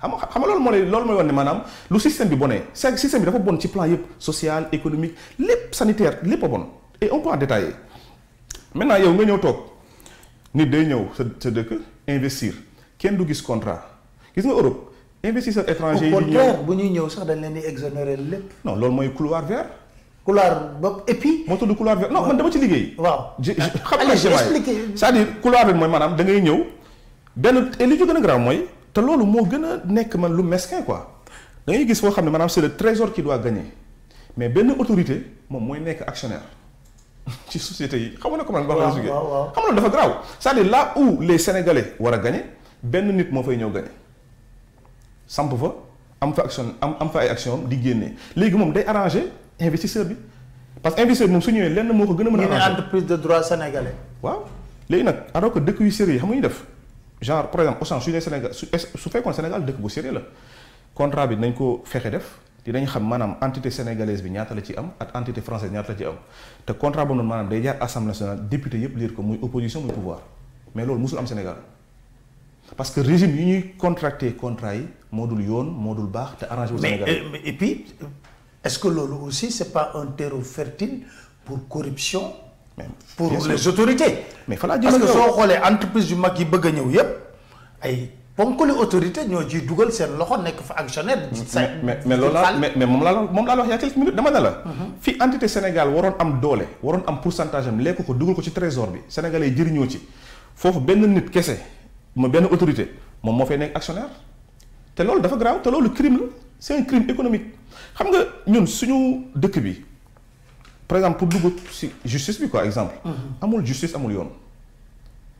xam nga xam nga loolu moo ne loolu mooy wane maanaam lu système bi bonee système bi dafa bon ci plan yëpp social économique lépp sanitaire lépp a bon et on peut en détailler maintenant yow nga ñëw toog nit day ñëw sa sa dëkk investir kenn du gis contrat gis nga Europe investisseur étranger yi di ñëw bu ñuy ñëw sax dañ leen di exonérer lépp. non loolu mooy couloir vert. couloir boobu et puis. moo tudd couloir vert non man dama ci liggéey. waaw je xam naa c'est-à-dire couloir vert mooy maanaam da ngay ñëw benn et li ci gën a grave mooy te loolu moo gën a nekk man lu mesquin quoi da ngay gis foo xam ne c'est le trésor qui doit gagner mais benn autorité moom mooy nekk actionnaire ci société yi xam nga comment ba la jógee xam nga dafa garaaw c'est-à-dire là où les sénégalais war gagner benn nit moo fay ñëw gagner samp fa am fa action am fa ay action di génnee léegi moom day arranger investisseur bi parce que investisseur bi moom su ñëwee lenn moo ko gën entreprise de droit sénégalais waaw léegi nag alors que dëkk yu sérieux yi xam nga def genre par exemple au sens du Sénégal su fait qu'on Sénégal dëkk bu sérieux contrat bi nañ ko fexé def dinañ xam entité sénégalaise bi ñaata la ci am entité française ñaata la ci am contrat de l'Assemblée day assemblée nationale député yëpp lire ko muy opposition muy pouvoir mais loolu musul am Sénégal parce que régime yi ñuy contracté contrat yi modul module yoon moo te arrangé wu Sénégal euh, mais et puis est-ce que loolu aussi c'est pas un terreau fertile pour corruption. pour les autorités. mais parce que soo xoolee entreprise yu mag yi bëgg ñëw yëpp ay ponkali autorité ñoo ciy dugal seen loxo nekk fa actionnaire. mais mais loolu laa mais mais wax yaa quelques minutes dama ne la. Mhm. entité Sénégal waroon am doole waroon am pourcentage am lekk ko dugal ko ci trésor bi sénégalais jëriñoo ci fofu ben nit kessé mo ben autorité mom mo fay nek actionnaire té lolou dafa grave té lolou crime c'est un crime économique xam nga ñun suñu dëkk bi par exemple pour dugg ci justice bi quoi exemple. Mhm. amul justice amul yoon.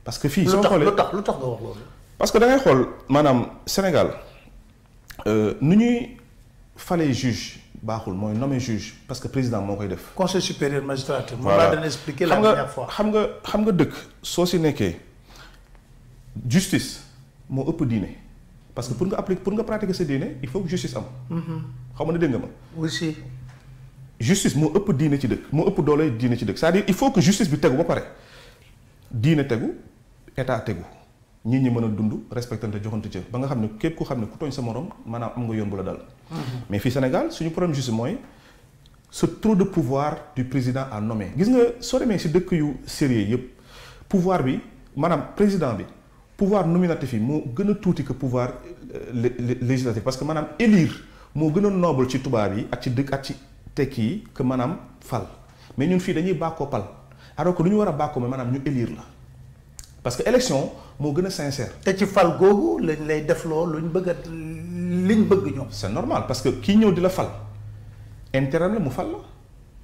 parce que fi soo xoolee lutax tax lu nga wax lolou parce que da ngay xool maanaam Sénégal euh, nu ñuy falee juge baaxul mooy nommer juge parce que président moo koy def. conseil supérieur magistrat. voilà moom laa expliquer la dernière fois xam nga xam nga dëkk soo si nekkee justice moo ëpp diine parce que pour nga appliquer pour nga pratiquer sa diine il faut que justice am. Mhm. xaw ma ne dégg nga ma. aussi. justice moo ëpp diine ci dëkk moo ëpp doole diine ci dëkk c'est-à-dire il faut que justice bi tegu ba pare diine tegu état tegu nit ñi mën a dund respectante joxante cër ba nga xam ne képp ku xam ne ku tooñ sa morom maanaam am nga yoon bu la dal mhm. mais fii Sénégal suñu problème juste mooy ce trop de pouvoir du président à nommer gis nga soo demee si dëkk yu sérieux yëpp pouvoir bi maanaam président bi pouvoir nominatif yi moo gën a tuuti que pouvoir euh, législatif parce que maanaam élire moo gën a noble ci tubaab yi ak ci dëkk ak ci tekki yi que maanaam fal mais ñun fii dañuy bàkkoo pal alors que lu ñu war a bàkkoo mais maanaam ñu élire la parce que élection mo gëna sincère. té ci fal gogou lañ lay defloo luñ bëgg liñ bëgg ñom c'est normal parce que ki ñëw di la fal intérêt la mu fal la.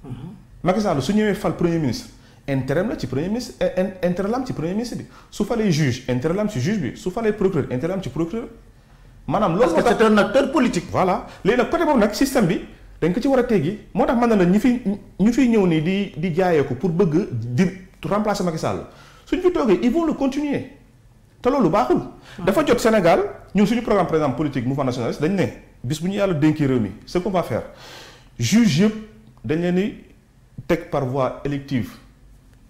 Mm-hmm. Macky Sall su ñëwé fal premier ministre intérêt la ci premier ministre eh, intérêt la ci premier ministre bi su falé juge intérêt la ci juge bi su falé procureur intérêt la ci procureur. manam lo parce que c'est un acteur politique. voilà léegi nag côté bob nak système bi dañ ko ci wara tégi motax man na la ñu fi ñu fi ñëw ni di di jaayee ko pour bëgg di remplacer Macky Sall suñ fi toogee ils vont le continuer te loolu baaxul. dafa jot Sénégal ñun suñu programme président politique mouvement nationaliste dañ ne bis bu ñu yàlla dénkee réew ce qu'on va faire juge yëpp dañ leen par voie élective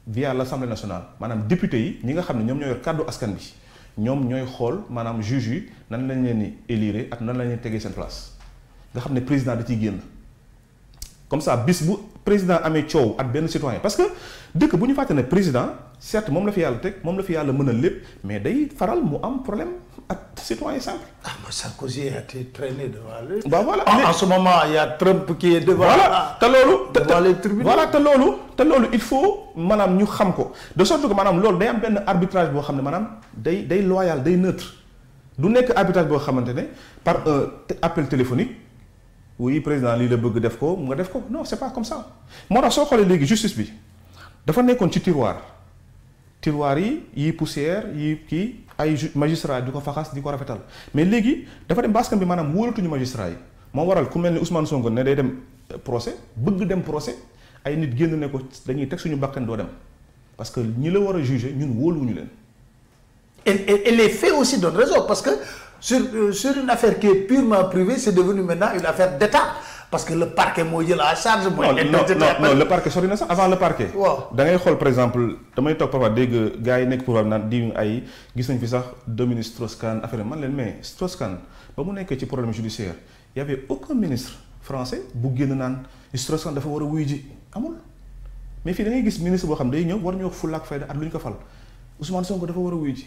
via l'Assemblée nationale Madame député yi ñi nga xam ne ñoom ñoo yor kàddu askan bi juge yi nan lañ leen ni élire ak nan lañ leen tegee place nga xam ne président da ciy comme ça bis président Amé coow ak ben citoyen parce que dès que ñu fàtte président certes mom la fi yalla tek mom la fi yalla mën lepp mais day faral mu am problème ak citoyen simple. ah mais Sarkozy a été traîné devant lui. bah voilà en ce moment il y a Trump qui est devant. voilà te lolu devant les tribunaux voilà te lolu te lolu il faut manam ñu xam ko de sorte que manam lolu day am ben arbitrage bo xamné manam day day loyal day neutre du nek arbitrage bo xamante ne par euh, appel téléphonique oui président lii la bëgg def ko nga def ko non c'est pas comme ça Moi, tax soo xoolee léegi justice bi dafa nekkoon ci tiroir tiroir yi yi poussière yi a ay magistrat di ko faxas di ko rafetal mais léegi dafa dem baskan bi maanaam wóolatuñu magistrat yi moo waral ku mel ni Ousmane Sonko est day dem procès bëgg dem procès ay nit génn ne ko dañuy tek suñu bakkan do dem parce que ñi la war a juger ñun wóoluwuñu leen. et et les faits aussi donnent raison parce que sur euh, sur une affaire qui est purement privée c'est devenu maintenant une affaire d'État parce que le parquet moo jël à charge. mooy non non non le parquet Sorry, non avant le parquet. Dans da ngay par exemple damay toog parfois dégg gars yi nekk pouvoir naan diw ay gis nañ fi sax ministres Strauss-Kahn affaire man leen mais Strauss-Kahn ba mu nekkee ci problème judiciaire y avait aucun ministre français bu génn nan. Strauss-Kahn dafa war a ji amul. mais fii da ngay gis ministre boo xam day ñëw war ñu wax fulla ak at ko fal Ousmane Sonko dafa war a wuyu ji.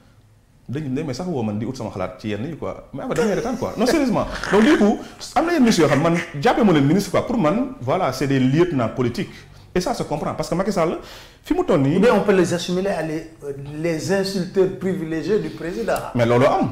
dañu ne mais sax woo man di ut sama xalaat ci yenn yi quoi mais ama damay retaan quoi non sérieusement donc du coup am na yenn monsieur yoo xam man jàppee ma leen ministre quoi pour man voilà c' est des lieutenants politiques et ça se comprend parce que Macky Sall fi mu toll nii. ou bien on peut les assimiler à les euh, les insulteurs privilégiés du président. mais loolu am.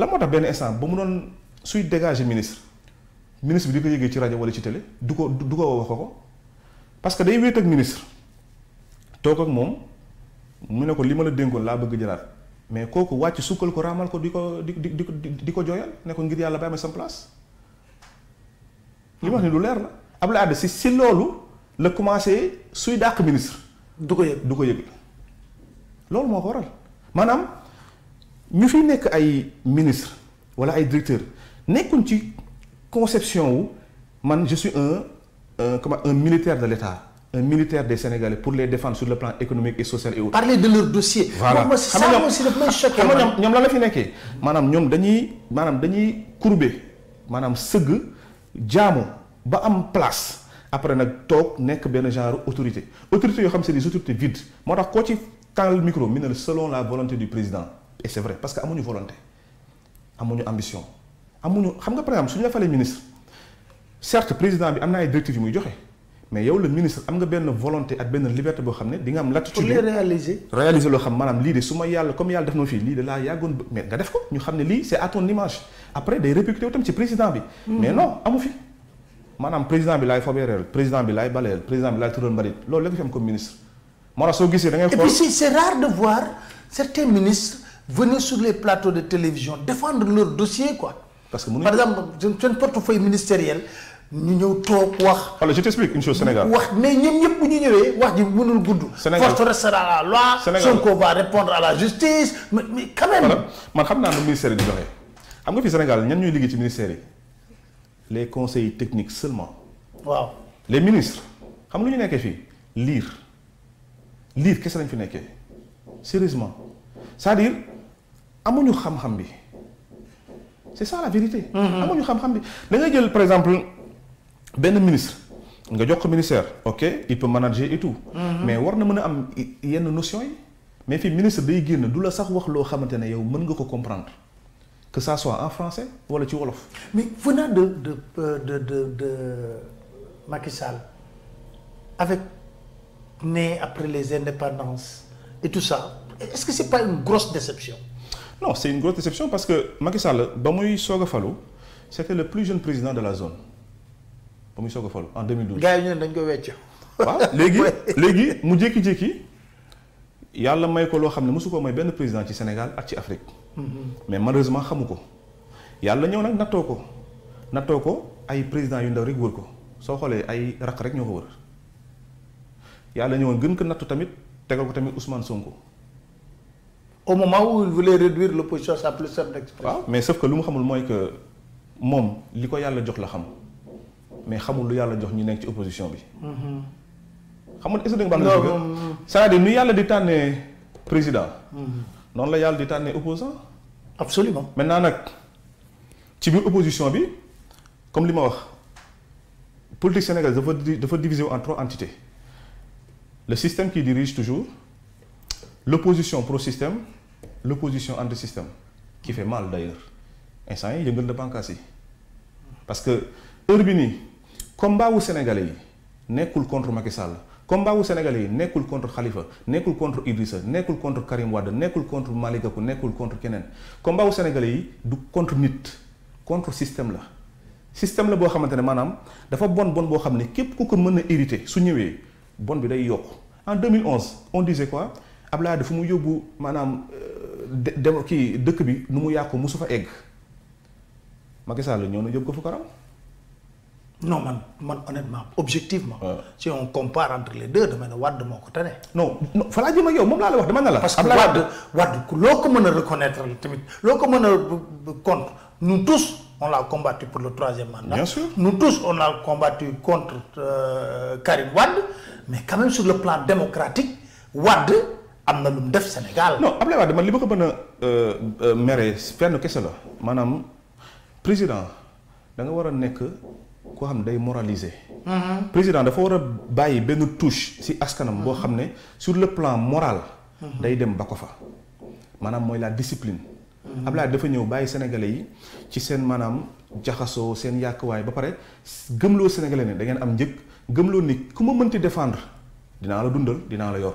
la moo tax benn instant ba mu doon suy dégager ministre ministre bi di ko yëgee ci rajo wala ci télé du ko du ko wax ko ko parce que day wéet ak ministre toog ak moom mu ne ko li ma la dénkoon laa bëgg jëlaat mais kooku wàcc sukkal ko raamal ko di ko di di di ko jooyal ne ko ngir yàlla bàyyi ma sam place. li wax ni lu leer la Abdoulaye Wade si si loolu la commencé suy dàq ministre. du ko yëg du ko yëg loolu moo ko waral ñu fi nekk ay ministre wala ay directeur nekkuñ ci conception wu man je suis un un comment un militaire de l'État un militaire des Sénégalais pour les défendre sur le plan économique et social et autres. parler de leur dossier. voilà le plus ñoom manam ñom la fi nekkee. manam ñom dañuy manam dañuy courber manam seug jaamu ba am place après nak tok nek ben genre autorité autorité yo xam c'est des autorités vides moo tax koo ci tàngal micro mine selon la volonté du président et c'est vrai parce que amuñu volonté amuñu ambition amuñu xam nga par exemple suñu la falee ministre certes président bi am ay directives yu muy joxe mais yow le ministre am nga benn volonté ak benn liberté boo xam ne di nga am latitude réaliser réaliser loo xam maanaam lii de su ma comme yàlla def na fii lii de laa yàggoon mais nga def ko ñu xam ne lii c'est à ton image après des répercuté wu tam ci président bi mm-hmm. mais non amu fi maanaam président bi laay fobeereel président bi laay baleel président bi laay tural mbalit loolu la nga comme ministre moo tax soo da ngay c'est rare de voir certains ministres venir sur les plateaux de télévision défendre leur dossier quoi. parce que par exemple un portefeuille ministériel nous sommes alors je t'explique une chose Sénégal. mais nous, tous ñu nous Sénégal force restera la loi. Sénégal répondre à la justice mais quand même. ne ministère Sénégal nous ministère les conseils techniques seulement. Wow. les ministres xam lu lire lire qu'est-ce fi sérieusement c'est-à-dire xam c'est ça la vérité. Mais mm-hmm. xam da par exemple benn ministre nga jox ko ok il peut manager et tout. Mm-hmm. mais il y a une notion mais le ministre day génn du la sax wax ne yow mën nga comprendre que ça soit en français wala ci wolof. mais venant de de euh, de de de Macky Sall avec né après les indépendances et tout ça est-ce que c'est pas une grosse déception. Non, c'est une grosse déception parce que Macky Sall, Bamoui Sogafalo, c'était le plus jeune président de la zone. Bamoui Sogafalo, en 2012. Gagné, Légui, légui, mu jékki jékki yàlla may ko loo xam ne mosu ko may benn président ci Sénégal ak ci Afrique. Mm-hmm. mais malheureusement xamu ko. yàlla ñëw nag nattoo Natoko, nattoo ko ay président yu ndaw rek wër ko soo xoolee ay raq rek ñoo ko wër yàlla ñëwoon gën ko nattu tamit ko tamit Ousmane Sonko au moment où il voulait réduire l'opposition à sa plus simple expression. mais sauf que lu mu xamul c'est que moom li ko yàlla jox la xam mais xamul lu yàlla jox ñu nekk ci opposition bi. Mm-hmm. xam nga est-ce que da nga baal à dire nu yàlla di tànnee président. Mm-hmm. noonu la yàlla di tànnee opposant absolument maintenant nag ci biir opposition bi comme li ma wax politique sénégalaise dafa dafa diviser en trois entités le système qui dirige toujours l'opposition pro-système l'opposition anti-système, qui fait mal d'ailleurs, y a yëngal na banque yi parce que Urbini combat au Sénégalais n'est nekkul contre Macky Sall combat au Sénégalais n'est nekkul contre Khalifa nekkul contre Idrissa nekkul contre Karim Wade nekkul contre malika n'est nekkul contre Kenen combat au Sénégalais du contre nit contre système là système là boo xamante ne maanaam dafa bon bon boo xam ne képp ko mën a irrité su ñëwee bon bi day en 2011 on disait quoi Abdoulaye dafa mu yóbbu maanaam euh, de, kii dëkk bi nu mu yàqu mosu fa egg Macky Sall ñëw na jëm ko fu karam. non man man honnêtement objectivement. si on compare entre les deux dama ne Wade moo ko tane. non non fa laa jëm ak yow moom la wax dama ne parce que Wade Wade loo ko mën reconnaître tamit loo ko mën a contre nous tous on l'a combattu pour le troisième mandat. bien sûr nous tous on l'a combattu contre euh, Karim Wade mais quand même sur le plan démocratique Wade. am na lu mu def Sénégal. non Abdoulaye Wade man li ma ko mën a euh, euh, mere fenn kese la maanaam président danga nga war a nekk koo xam ne day moraliser. Mhm. président dafa war a bàyyi benn touche si askanam boo mhm. xam ne sur le plan moral. Mhm. day dem ba ko fa maanaam mooy laa discipline. laa dafa ñëw bàyyi sénégalais yi ci seen maanaam jaxasoo seen yàkkuwaay ba pare gëmloo sénégalais ne da ngeen am njëg gëmloo ni ku ma mënti défendre dinaa la dundal dinaa la yor.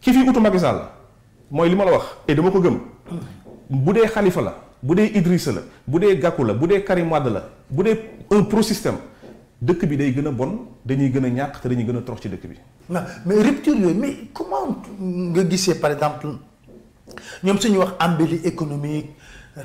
Qui fi utu Macky Moi il ma la wax et dama ko gëm bu Khalifa la bu dee Idrissa la Gakou la bu Karim Wade la bu un pro système dëkk bi day gën bonne, bon dañuy gën a ñàkk te dañuy gën a ci dëkk bi. mais rupture mais comment nga gisee par exemple nous suñu wax embellie économique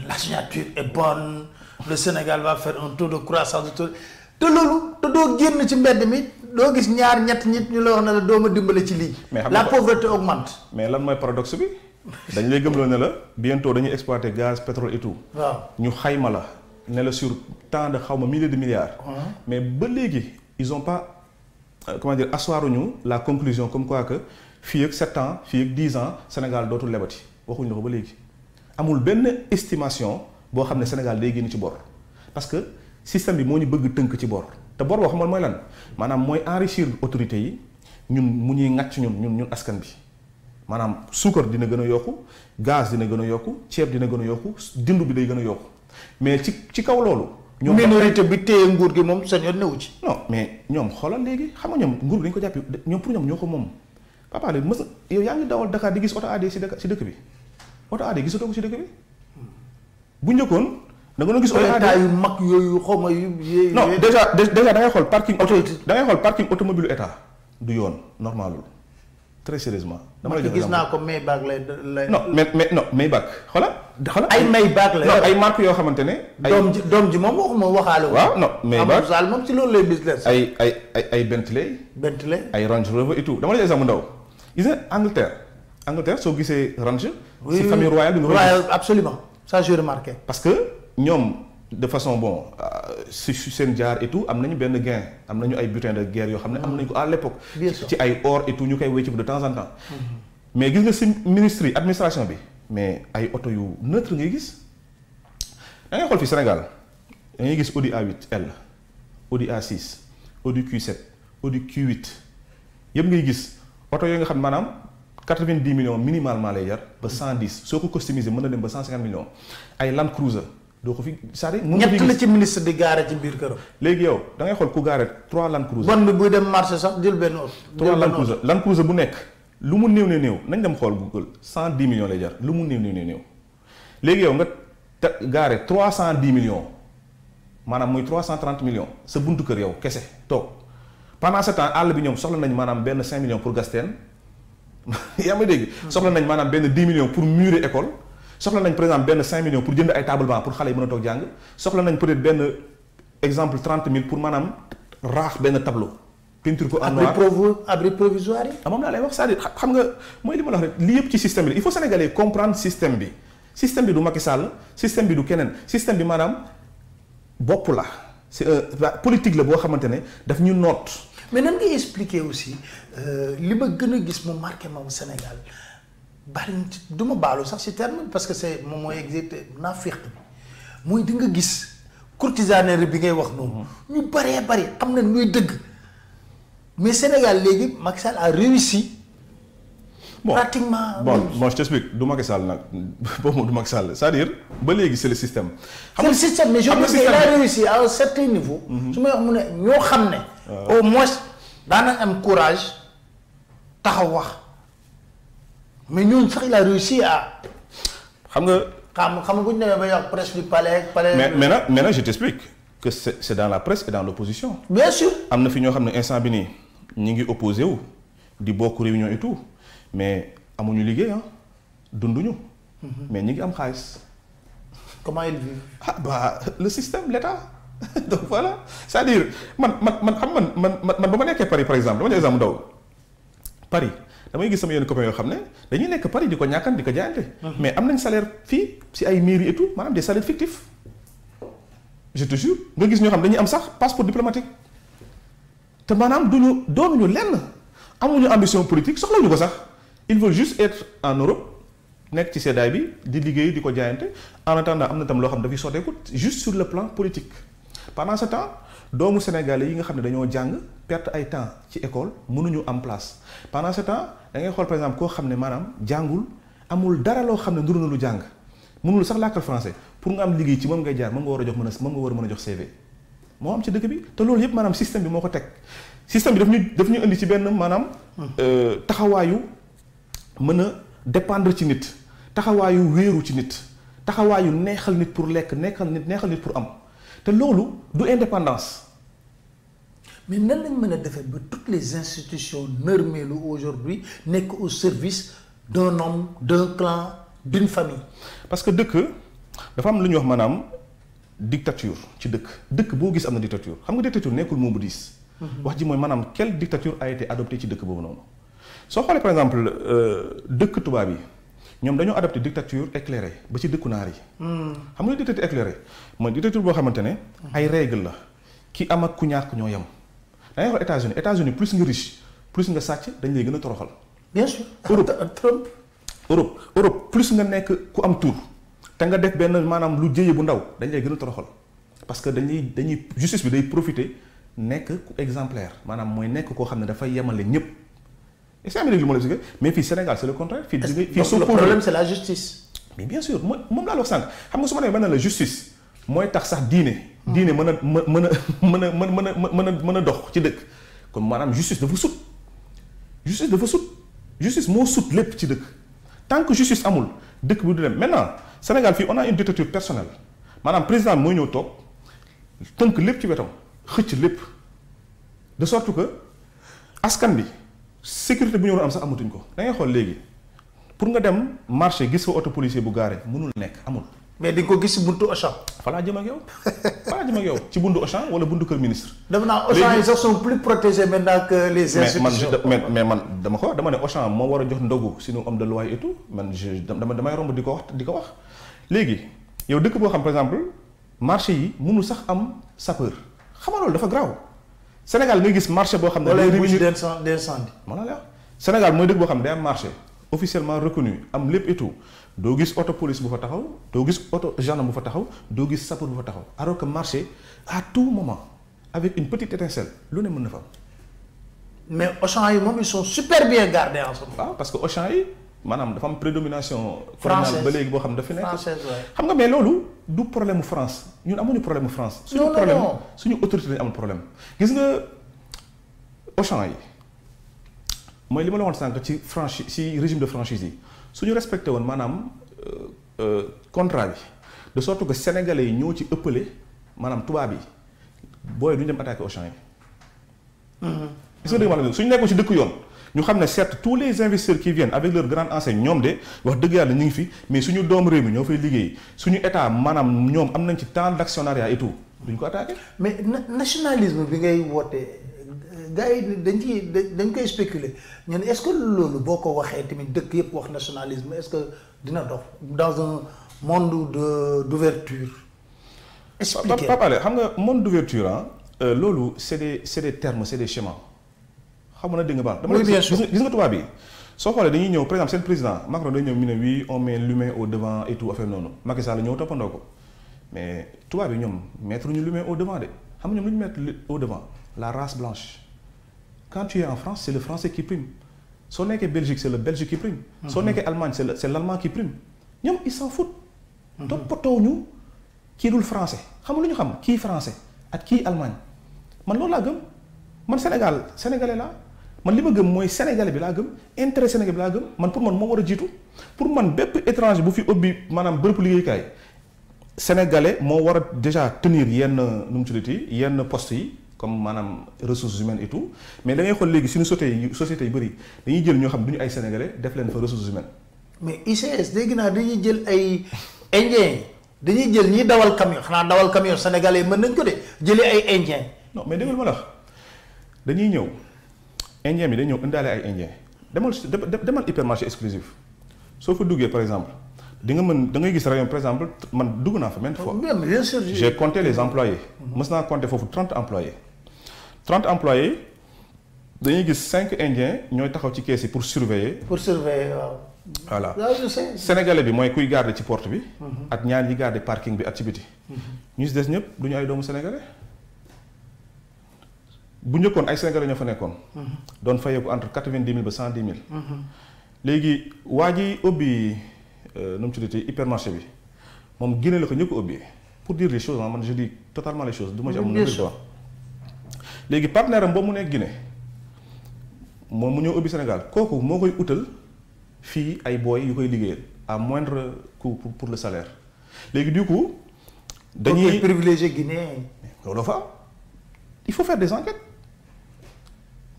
la signature est bonne le Sénégal va faire un taux de croissance de te loolu te do génn ci mbedd mi do gis ñaar ñett nit ñu la wax na la doo dimbalé ci li la pauvreté augmente. mais lan moy paradoxe bi dañ lay gëmloo né la bientôt dañuy exploiter gaz pétrole et tout. waaw ñu xayma la né la sur tant de xawma ma milliers de milliards. Uh-huh. mais ba légui ils ont pas euh, comment dire ñu la conclusion comme quoi que fii ak 7 ans fii ak 10 ans Sénégal dootul lebati waxuñu la ko ba léegi amul benn estimation boo xam ne Sénégal day génn ci bor parce que. système bi mo ñu bëgg tënk ci bor te bor waxuma moy lan manam moy enrichir autorité yi ñun mu ñuy ngacc ñun ñun ñun askan bi manam sucre dina gëna a yokku gaz dina gëna a yokku ceeb dina gëna yokku dindu bi day gëna a yokku mais ci ci kaw lolu ñom minorité bi téye nguur gi mom sañoon newu ci non mais ñom xolal légui xam nga ñom nguur dañ ko jàpp ñom pour ñom ñoko mom papa le mëss yow ya nga dawal Dakar di gis auto AD si dëkk si dëkk bi auto AD gisatoo ko si dëkk bi bu ñëkkon da nga doon gis état yu mag yooyu xaw yu. non déjà déjà da ngay xool parking auto da ngay xool parking automobile état du yoon normalul très sérieusement dama lay jox gis naa ko Maybach lay lay. non mais mais non Maybach xoolal. xoolal ay Maybach la non ay marque yoo xamante ne. ay doom ji doom ji moom waxuma waxaale. waaw non Maybach Amadou Sall moom ci loolu lay business. ay ay ay ay Bentley. Bentley ay Range Rover et tout dama lay jox exemple ndaw gis nga Angleterre Angleterre soo gisee Range. oui si famille royale bi nga. royale absolument ça j'ai remarqué. parce que ñom de façon bon euh, si sen diar et tout amnañu ben gain amnañu ay butin de guerre yo xamné ne ko à l'époque ci ay or et tout ñukay koy de temps en temps mm-hmm. mais gis nga si ministère administration bi mais ay auto yu neutre ngay gis da ngay xol fi Sénégal da ngay gis Audi A8L Audi A6 Audi Q7 Audi Q8 yëpp ngay gis auto yo nga xam manam 90 millions minimalement lay yar ba 110. dix soo ko customisé mën na dem ba 150 millions ay Land Cruiser doo ko fi c'est-à-dire mun ñett la ci ministre di gaare ci biir këram. léegi yow da ngay xool ku gaare trois Land Cruiser. bon bi buy dem marché sax jël benn oto. trois Land Cruiser bu nekk lu mu néew néew néew nañ dem xool Google cent dix millions lay jar lu mu néew néew néew. léegi yow nga te gaare trois cent dix millions maanaam muy trois cent trente millions sa buntu kër yow kese toog pendant ce temps àll bi ñoom soxla nañ maanaam benn cinq millions pour gas teen yaa ma dégg. Hmm. soxla nañ maanaam benn dix millions pour murer école. soxla nañ par exemple ben 5 millions pour jënd ay table banc pour xalé yi mën a toog soxla nañ peut-être ben exemple 30 000 pour manam raax ben tableau. peinture ko en noir abri provo abri provisoire yi. ah moom laa lay wax ça dit xam nga moy li ma la wax rek li yëpp ci système bi il faut sénégalais comprendre système bi système bi du Macky Sall système bi du keneen système bi manam bop la c'est euh, politique la bo xamantene daf ñu note mais nan ngay expliquer aussi euh, li ma gëna gis mu marqué mom Sénégal bari du ma sax si terme parce que c'est moom mooy exerté naa féq bi di nga gis courtisanerie bi ngay wax non mm-hmm. ñu baree bari xam na ñuy dëgg mais Sénégal légui Macky Sall a réussi bon pratiquement bon moi je t'explique du Macky Sall nag boobu moom du Macky Sall c'est-à-dire ba légui c'est le système. c'est le système mais je pense qu'il a réussi à un certain niveau. Mm-hmm. su may wax mu ne ñoo xam au moins da na am courage taxaw wax mais ñooñu ça, il a réussi à. xam nga. xam xam nga ñu demee ba yàq presse du palais. palais mais mais nag mais nag je t'explique que c'est c'est dans la presse et dans l'opposition bien sûr Amna na fi ñoo xam instant bi nii ñi ngi opposé wu di bokku réunion et tout mais amuñu liggéey hein dunduñu. Mhm. mais ñi ngi am xaalis. comment ils vivent ah bah le système l'État donc voilà c'est-à-dire man man man xam man man man ba ma Paris par exemple dama joxe exemple ndaw Paris damay gis sama yenn copain yo xam dañuy nek Paris diko ko diko di mhm. mais am nañ salaire fi si ay mairie et tout manam des salaires fictifs je te jure nga gis ñu xam dañuy am sax passeport diplomatique te manam duñu doonuñu lenn amuñu ambition politique soxlawuñu ko sax ils veulent juste être en Europe. nek ci seddaay bi di liggéey di ko en attendant am na tam loo xam dafay sotteeku juste sur le plan politique pendant ce temps doomu sénégalais yi nga xam ne dañoo jàng perte ay temps ci école mënuñu am place pendant ce temps da ngay xool par exemple koo xam ne maanaam jàngul amul dara loo xam ne nduru na lu jàng mënul sax làkkal français pour nga am liggéey ci moom ngay jaar moom nga war a jox mën a moom nga war a a jox CV moo am ci dëkk bi te loolu yëpp maanaam système bi moo ko teg système bi daf ñu daf ñu indi ci benn maanaam euh, taxawaayu mën a dépendre ci nit taxawaayu wéeru ci nit taxawaayu neexal nit pour lekk neexal nit neexal nit pour am te loolu du indépendance. mais nan lañ mën a toutes les institutions nërmeelu aujourd'hui nekk au service d'un homme d'un clan d'une famille. parce que dëkk que am lu ñuy wax dictature ci dëkk dëkk boo une am na dictature xam nga dictature nekkul que le diis. Mhm. wax ji mooy maanaam quelle dictature a été adoptée ci dëkk boobu noonu. par exemple euh, dëkk tubaab yi. ñom dañu adopter dictature éclairée ba ci dëkku naari hmm xam nga dictature éclairée mooy dictature bo xamantene ay règle la ki am ak ku ñàkk ñoo yam da États-Unis États-Unis plus nga riche plus nga satch dañ lay gëna toroxal. bien sûr Trump. Europe Europe plus nga nek ku am tour ta nga def mana manam lu jëye bu ndaw dañ lay gëna toroxal parce que lay dañuy justice bi day profiter nek ku exemplaire manam moy nek ko xamne da fay yemale ñëpp. Et c'est un règlement Mais fils Sénégal, c'est le contraire. Fils, le problème, c'est la justice. Mais bien sûr, moi, moi, je suis là, la justice. Moi, je suis dîner. Dîner, je dox ci dëkk Comme madame justice vous sut justice vous sut justice moi sut les petits dëkk tant que justice amoul, dëkk bi du dem maintenant Sénégal on a une dictature personnelle présidente, président mooy ñëw Tant que lépp ci wetam xëcc lépp de sorte que askan bi sécurité bu ñu war a am sax amatuñ ko da xool léegi pour nga dem marché gis fa auto policier bu garé mënul nekk amul. mais di nga ko gis ci buntu Auchan. falaa jëm ak yow falaa jëm yow ci buntu Auchan wala buntu kër ministre. def naa Auchan yi sax sont plus protégés maintenant que les institutions. mais man mais man dama ko wax dama ne Auchan moo war a jox ndogu suñu homme de loi et tout man je dama damay romb di ko wax di ko wax. léegi yow dëkk boo xam par exemple marché yi mënul sax am sapeur xam dafa garaaw. Sénégal nga gis marché boo xam ne. Sénégal mooy dëkk boo xam ne marché officiellement reconnu am lépp et tout doo auto police bu fa taxaw doo auto gendarme bu fa taxaw doo gis sapeur bu fa taxaw alors que marché à tout moment avec une petite étincelle lu ne mën fa mais Auchan yi mom ils sont super bien gardés en ce moment. Ah, parce que Auchan yi manam dafa am prédomination. française ba léegi boo xam dafa nek xam nga mais lolu du problème France ñun amuñu problème France. suñu problème suñu autorité lañu amul problème. gis nga Auchan yi moy li ma la won sank ci franchise ci régime de franchise yi suñu respecté euh euh contrat bi de sorte que sénégalais yi ñoo ci ëppale manam tuba bi boy du ñu dem attaqué Auchan yi. Mm-hmm. gis nga dëgg maanaam suñu nekkoon ci dëkk yoon. Nous savons certes tous les investisseurs qui viennent avec leur grand enseignes, ils de wax mais si nous sommes mi le état nous tant d'actionnariat et tout Mais le nationalisme bi ngay spéculer est-ce que le Boko nationalisme est-ce que dans un monde d'ouverture. Papa, le monde d'ouverture hein, euh, c'est des c'est des termes c'est des schémas xam nga na dégg nga baax dama gis nga tubaab bi so xolé dañuy ñëw par exemple sen président Macron dañuy ñëw mu ne on met l'humain au devant et tout affaire non Macky Sall ñëw topandoko mais toi, bi ñom mettre ñu l'humain au devant de xam nga ñoom au devant la race blanche quand tu es en France c'est le français qui prime so que Belgique c'est le belge qui prime mhm. so nekkee Allemagne c'est c'est l'allemand qui prime ñom ils s'en foutent mhm. toppatoo ñu kii dul français xam luñu xam kii français at qui Allemagne man loolu la gëm man Sénégal sénégalais là. man li ma gëm mooy sénégalais bi laa gëm intérêt sénégalais bi laa gëm man pour man moo war a jiitu pour man bépp étranger bu fi ubbi maanaam bërëb liggéeykaay sénégalais moo war a déjà tenir yenn nu mu tuddati yenn post yi comme maanaam ressources humaines et tout mais da ngay xool léegi suñu société yi société yu bëri dañuy jël ñoo xam duñu ay sénégalais def leen fa ressources humaines. mais ICS dégg naa dañuy jël ay indiens dañuy jël ñi dawal camion xanaa dawal camion sénégalais mën nañ ko jëlee ay indiens. non mais déglu ma la dañuy ñëw. indien bi dañu ñëw ay indien demal demal hypermarché exclusif Sauf fa duggee par exemple di nga mën da ngay gis rayon par exemple man dugg na fa même fois j'ai compté les employés mës naa compté foofu employés 30 employés dañuy gis 5 indiens ñoy taxaw ci caisse pour surveiller pour surveiller waaw voilà sénégalais bi mooy kuy garder ci porte bi mhm. ak ñaar yi garder parking bi ak ci biti mhm. ñu si des ñëpp du ay doomu sénégalais bu njëkkoon ay Sénégalais fa entre quatre 000 et ba cent ubbi pour dire les choses je dis totalement les choses. du ma ci partenaire Sénégal kooku moo koy ay yu à moindre coût pour le salaire du coup. dañuy privilégié Guinée. il faut faire des enquêtes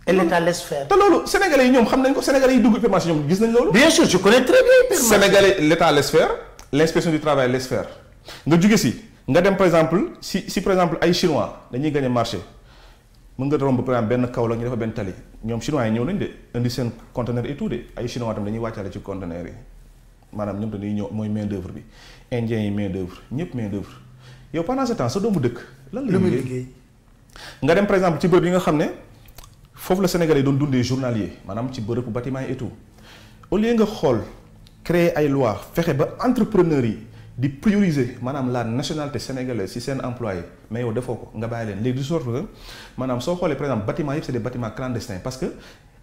et l'État laisse faire. te loolu sénégalais yi ñoom xam nañ ko sénégalais yi dugg permanence ñoom gis nañ loolu. bien sûr je connais très bien. sénégalais l'État laisse faire l'inspection du travail laisse faire nga jóge si nga dem par exemple si si par exemple ay chinois dañuy gagné marché mën nga romb par ben benn kaw la ñu dafa benn tali ñoom chinois yi ñëw nañ un indi conteneur et tout de ay chinois tam dañuy wàccaale ci conteneur yi maanaam ñoom dañuy ñëw mooy main d'œuvre bi indien yi main d'œuvre ñëpp main d'œuvre yow pendant ce temps sa doomu dëkk. lan la ñuy liggéey nga dem par exemple ci bërëb yi nga xam foofu la Sénégalais doon dundee journalier maanaam ci bërëbu bâtiment et tout au lieu nga xool créer ay loi fexe ba entrepreneurs yi di prioriser maanaam la nationalité sénégalaise si seen employé mais yow defoo ko nga bàyyi leen léegi de sorte que maanaam soo xoolee par exemple bâtiment yëpp c'est des bâtiments clandestins parce que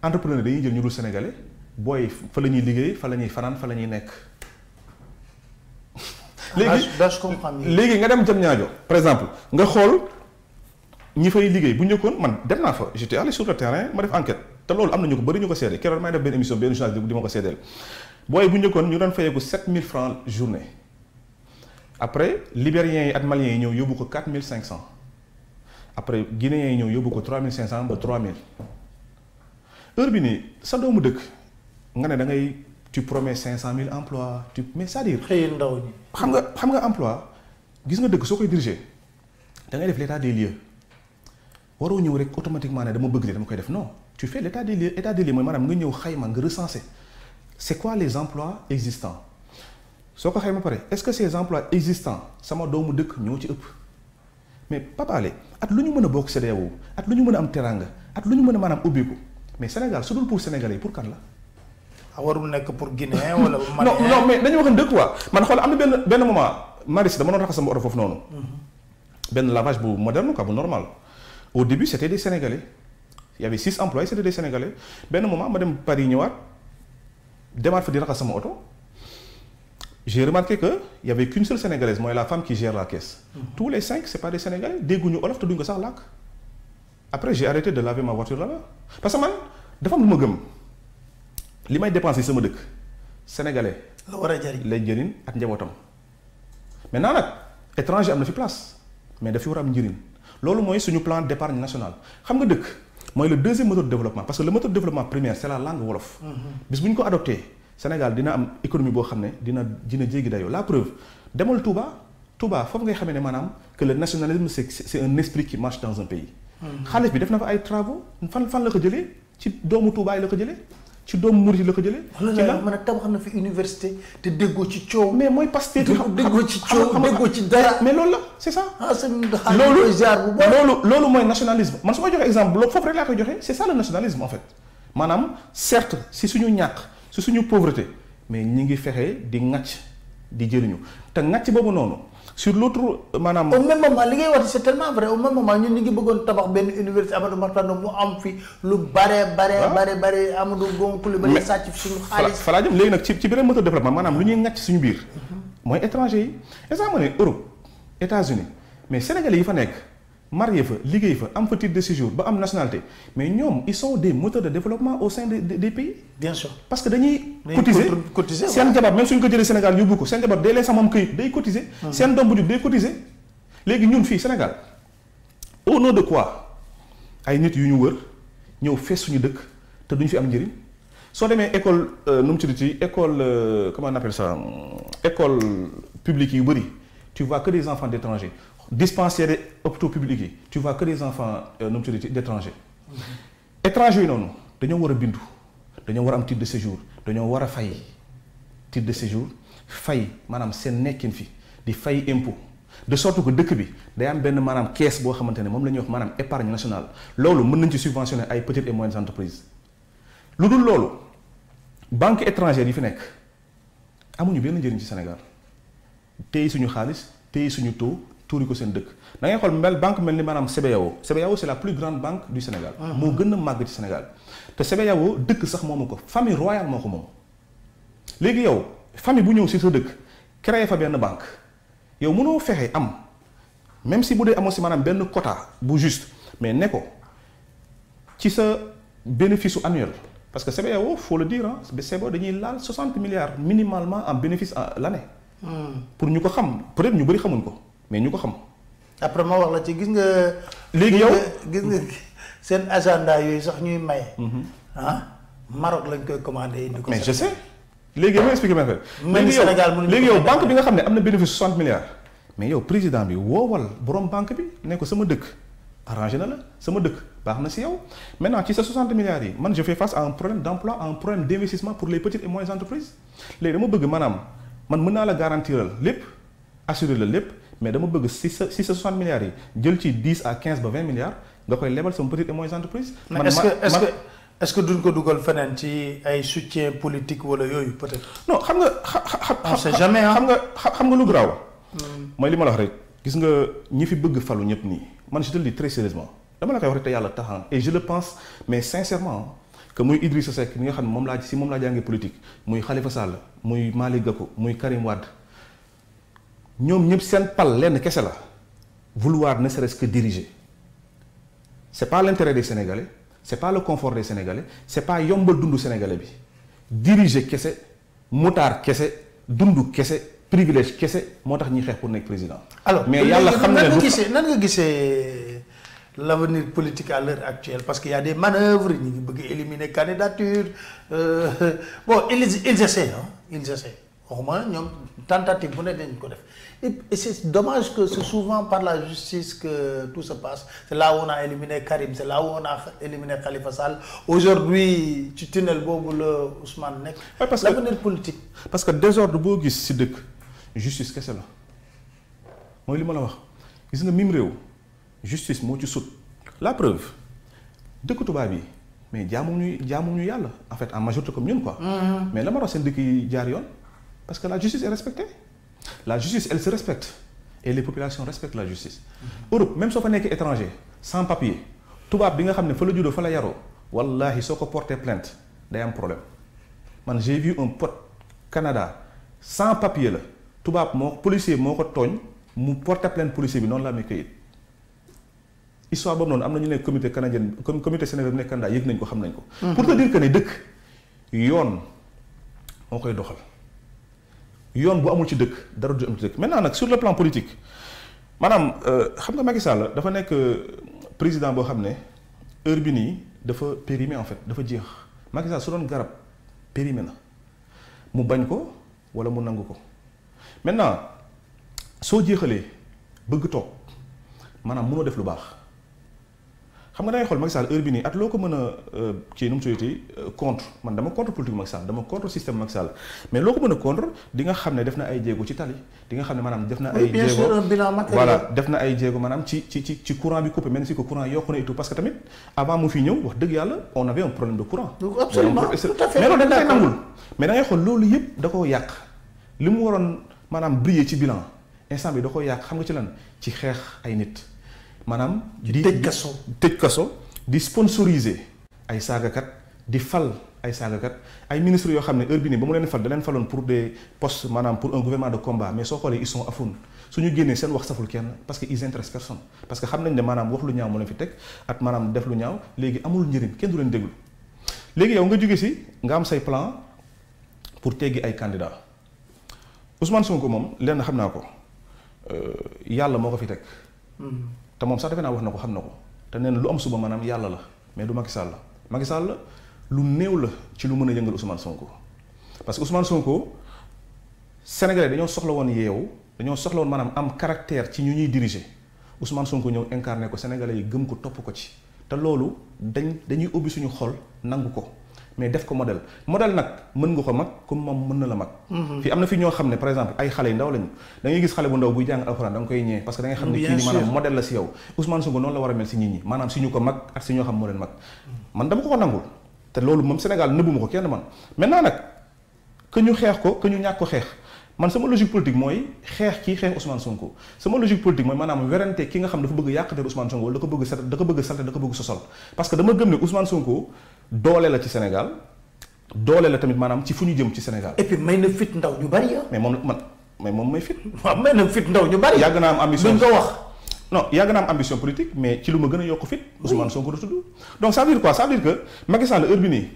entrepreneur dañuy jël ñu dul sénégalais booy fa la ñuy liggéey fa la ñuy fanaan fa la ñuy nekk. Ah, léegi ben, léegi nga dem jëm ñaajo par exemple nga xool ñi fay liggéey bu njëkkoon man dem naa fa j'étais allé sur le terrain ma def enquête te loolu am na ñu ko bëri ñu ko seede keroog may def benn émission benn journaliste di ma ko seedeel booy bu njëkkoon ñu doon fayeeku 7000 francs journée après libériens yi ak maliens yi ñëw yóbbu ko 4500 après guinéens yi ñëw yóbbu ko 3500 ba 3000 heure bi nii sa doomu dëkk nga ne da ngay tu promets 500000 emplois tu mais c'est-à-dire. xëy ndaw ñi xam nga xam nga emploi gis nga dëkk soo koy diriger da ngay def l'état des lieux waroo ñëw rek automatiquement ne dama bëgg li dama koy def non tu fais l'état des lieux état des lieux mais maanaam nga ñëw xayma nga recenser c'est quoi les emplois existants soo ko xayma paré est ce que ces emplois existants sama doomu dëkk ñoo ci ëpp mais lé at luñu mëna bok a at luñu mëna am teranga at luñu mëna manam ubbi ko mais Sénégal sudul pour sénégalais pour kan la. Ah, warul nekk pour Guinée wala. non non mais dañu waxoon dëkk quoi man xol am na ben benn moment Maris dama doon raxa sama orofof foofu non? Mm-hmm. benn lavage bu moderne quoi bu normal au début c'était des Sénégalais il y avait six employés c'était des Sénégalais au moment ma dem Paris ñëwaat demaat fa di raxas sama j'ai remarqué que il y avait qu'une seule Sénégalaise moi la femme qui gère la caisse mm-hmm. tous les cinq c'est pas des Sénégalais Des olof te sax lac. après j'ai arrêté de laver ma voiture là-bas parce que man dafa am lu ma gëm li may c'est sama sénégalais. la war a jëriñ lay jëriñ maintenant nag étranger am na fi place mais ils à am place loolu mooy suñu plan d'épargne nationale xam nga dëkk mooy le deuxième moteur de développement parce que le moteur de développement première, c'est la langue wolof. Mm-hmm. bis bu ñu ko adopté Sénégal dina am économie boo xam ne dina dina jéggi dayoo la preuve demal Touba Touba foofu ngay xamee ne maanaam que le nationalisme c'est c'est un esprit qui marche dans un pays. Mm-hmm. xaalis bi def na fa ay travaux fan fan la ko jëlee ci doomu Touba yi la ko jëlee ci doomu mouride la ko jëlee. Oh ci la mën a tabax na fi université te déggoo ci coow. mais mooy pasteur. déggoo ci coow déggoo ci dara. mais loolu la c' est ça. ah sëñ bi loolu loolu loolu mooy nationalisme man su ma joxee exemple loolu foofu rek laa koy joxe c' est ça le nationalisme en fait maanaam certes si suñu ñàkk si suñu pauvreté mais ñi ngi fexe di ŋàcc di jëriñu te ŋàcc boobu noonu sur l'autre madame... au même moment que ngay c'est tellement vrai au même moment nous ñu ngi université Amadou Mahtar mu am fi lu baré, baré, ah. baré. Amadou Gonkou, c'est ci moteur de développement Manam, lu ñuy suñu biir étranger yi ça, Europe États-Unis mais Sénégalais yi fa là marié fa liggéey fa am fa titre de ba am nationalité mais ñoom ils sont des moteurs de développement au sein des des pays. bien sûr parce que dañuy. cotiser cotiser un jabar même suñ ko jëlé Sénégal yóbbu ko sen jabar day les samam moom day cotiser. Ah. sen doom bu day cotiser. légui ñun fi Sénégal au nom de quoi ay nit yu ñu wër ñëw fess suñu dëkk te duñu fi am njëriñ soo demee école num ci dit école euh, comment on appelle ça école publique yu bëri tu vois que des enfants d'étrangers Dispensaire et hôpitaux tu vois que les enfants euh, d'étrangers, étrangers. non non. noonu dañoo war a bindu am titre de séjour dañoo war a fay titre de séjour fay maanaam seen nekkin fi di fay impôt de sorte que dëkk bi ben am benn maanaam kees boo xamante ne moom wax épargne nationale loolu mën nañ ci subventionner ay petites et moyennes entreprises lu dul banque étrangère yi fi nekk amuñu benn njëriñ ci Sénégal téye suñu xaalis téye suñu taux tuuri ko seen dëkk da ngay xool mel banque mel ni maanaam CBAO CBAO c'est la plus grande banque du Sénégal ah. moo gën a màgg Sénégal te CBAO dëkk sax moomu ko famille royale moo ko moom léegi yow famille bu ñëw si sa dëkk créé fa benn banque yow mënoo fexe am même si bu dee amoo si maanaam benn quota bu juste mais ne ko ci sa bénéfice annuel parce que CBAO faut le dire hein, ah CBAO dañuy laal 60 milliards minimalement en bénéfice à l'année ah. pour ñu ko xam peut-être ñu bëri xamuñ ko mais nous ko xam. après ma wax la ci gis nga. léegi C'est gis nga agenda yooyu sax ñuy may. Mhm. ah Maroc lañ koy commandé mais je sais léegi yow expliquer ma léegi Sénégal léegi yow banque bi nga xam a am bénéfice 60 milliards. mais yow président bi a borom banque bi ne ko sama dëkk arrangé na la sama dëkk baax na yow maintenant ci sa 60 milliards yi je fais face à un problème d'emploi, à un problème d'investissement pour les petites et moyennes entreprises Les dama bëgg maanaam man mën la garantiral assurer la mais dama si milliards 10 à 15 20 milliards nga koy lebal petite et moyenne entreprise. est-ce que est-ce que est-ce que ko soutien politique wala yooyu peut-être. non xam nga jamais hein. xam nga lu garaaw. Hmm. mooy li ma wax rek gis nga ñi fi bëgg je te le dis très sérieusement dama la koy wax rek te hein. et je le pense mais sincèrement. Hein, que Seck ne politique Karim Wade. Nous ne seen pal lenn kese la vouloir ne serait-ce que diriger n'est pas l'intérêt des Sénégalais n'est pas le confort des Sénégalais n'est pas yombal dundu Sénégalais diriger c'est ce kese dundu kese privilège c'est moo tax ñuy xeex pour nekk président. alors mais yàlla xam nan nga l'avenir politique à l'heure actuelle parce qu'il y a des manœuvres ils ngi bëgg éliminer candidature euh, bon ils ils essaient non, hein, ils essaient tentative et c'est dommage que c'est souvent par la justice que tout se passe c'est là où on a éliminé Karim c'est là où on a éliminé Khalifa Sall aujourd'hui tu tunnel boobu le Ousmane Nek. oui, parce l'avenir politique parce que désordre boo gis si dëkk justice qu'est-ce la mooy li ma la wax gis nga mim réew justice moi, ci sautes. la preuve dëkk tubaab yi mais jaamuñu jaamuñu yàlla en fait en majorité comme nous, quoi mm-hmm. mais la ma wax yi parce que la justice est respectée. La justice, elle se respecte. Et les populations respectent la justice. même si on est étranger, sans papier, tout va bien, il le dire. Wallahi, si plainte, il y a un problème. J'ai vu un pote Canada, sans papier, tout va bien, policier, dire. porte plainte policier, non la mes cahiers. Histoire bonne, le comité canadien, comité sénégalais Canada, hamne mm-hmm. Pour te dire que les deux, on yoon bu amul ci dëkk dara du amul ci dëkk maintenant nag sur le plan politique maanaam euh, xam nga Macky Sall dafa nekk euh, président boo xam ne heure bi nii dafa périmé en fait dafa jeex Macky Sall su doon garab périmé na mu bañ ko wala mu nangu ko maintenant soo jeexalee bëgg toog maanaam mënoo def lu baax. xam nga da ngay xool Macky Sall heure bi nii at loo ko mën a euh, kii nu mu tuddati euh, contre man dama contre politique Macky Sall dama contre système Macky Sall mais loo ko mën a contre di nga xam ne def na ay jéego ci tali di nga xam ne maanaam def na ay jéego voilà def na ay jéego maanaam ci ci ci ci courant bi coupé même si que courant yokku na et tout parce que tamit avant mu fi ñëw wax dëgg yàlla on avait un problème de courant mais loolu dañ koy loolu yëpp da koo yàq li mu waroon maanaam briller ci bilan instant bi da koo yàq xam nga ci lan ci xeex ay nit Madame, di sponsoriser ay sagakat di fal ay ministres heure pour des postes madame, pour un gouvernement de combat mais qu'on ils sont afoun suñu sen wax saful kenn parce que ils intéressent personne parce que xamnañ ne wax lu ñaaw def lu ñaaw amul nga plan pour ay candidats Ousmane Sonko mom lenn xamna ko euh yalla te moom sax defe naa wax na ko xam na ko te neen lu am suba maanaam yàlla la mais du Macky Sall la Macky la lu néew la ci lu mën a yëngal Ousmane Sonko parce que Ousmane Sonko Sénégalais dañoo soxla woon yeewu dañoo soxla woon maanaam am caractère ci ñu ñuy diriger Ousmane Sonko ñëw incarné ko Sénégalais yi gëm ko topp ko ci te loolu dañ dañuy ubbi suñu xol nangu ko. mais def ko modèle modèle nag mën nga ko mag comme moom mën na la mag mhm. fii am na fi ñoo xam ne par exemple ay xale yu ndaw lañu da ngay gis xale bu ndaw buy jàng alxuraan da nga koy ñëwee parce que da ngay xam ne kii ni maanaam modèle la si yow Ousmane Sonko noonu la war a mel si nit ñi maanaam si ñu ko mag ak si ñoo xam moo leen mag man dama ko ko nangul te loolu moom Sénégal nëbbuma ko kenn man maintenant nag que ñu xeex ko que ñu ñàkk ko xeex man sama logique politique mooy xeex kii xeex Ousmane Sonko sama logique politique mooy maanaam werante ki nga xam dafa bëgg yàq der Ousmane Sonko wala da ko bëgg salte da ko bëgg salte da ko bëgg sosol parce que dama gëm ne Ousmane Sonko doole la ci Sénégal doole la tamit maanaam ci fu ñu jëm ci Sénégal. et puis may na fit ndaw ñu bari mais moom man mais moom may fit. waaw may na fit ndaw ñu bari. yàgg naa am ambition buñ ko wax. non yàgg naa am ambition politique mais ci lu ma gën a yokk fit Ousmane Sonko la tudd. donc ça veut dire quoi ça veut dire que Macky Sall heure bi nii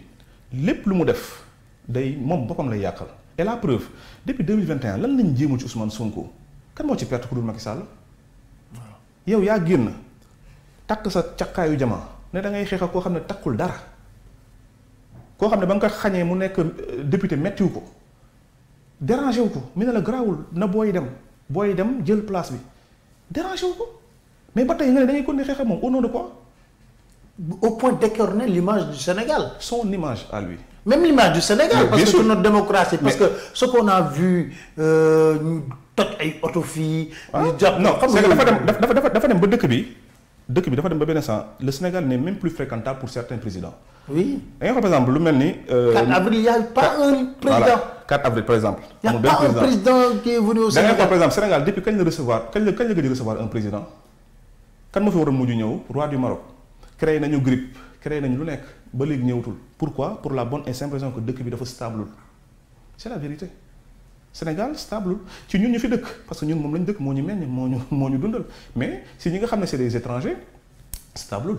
lépp lu mu def day moom boppam lay yàqal. et la preuve depuis 2021 lan lañ jéemu ci Ousmane Sonko kan moo ci perte ku dul Macky Sall yow yaa génn takk sa caqaayu jamaa ne da ngay xeex ak koo xam ne takkul dara ko xam ne ba nga ko xañee mu nek euh, député méttiwu ko dérangé wu ko mu ne la garaawul na boy dem boy dem jël place bi dérangé wu ko mais ba tey nga ne ko ngay continuer xeex moom au nom de quoi. au point d'écorner l'image du Sénégal. Son image à lui. Même l'image du Sénégal, mais, parce que sûr. notre démocratie, parce mais... que ce qu'on a vu, euh, nous ay autophiles, ah, Non, comme c'est que le Sénégal n'est même plus fréquentable pour certains présidents oui par exemple le euh, 4 avril y' a pas un président. 4 avril par exemple. a pas un président qui est venu au Sénégal par exemple Sénégal depuis qu'il a recevoir recevoir un président quand nous fi un roi du Maroc créé une grippe créé nañu lu pourquoi pour la bonne et simple raison que dëkk bi dafa stable C'est la vérité. Sénégal stable ci ñun ñu fi parce que nous, moom lañ dëkk moo ñu mais si nous savons que c'est des étrangers stable.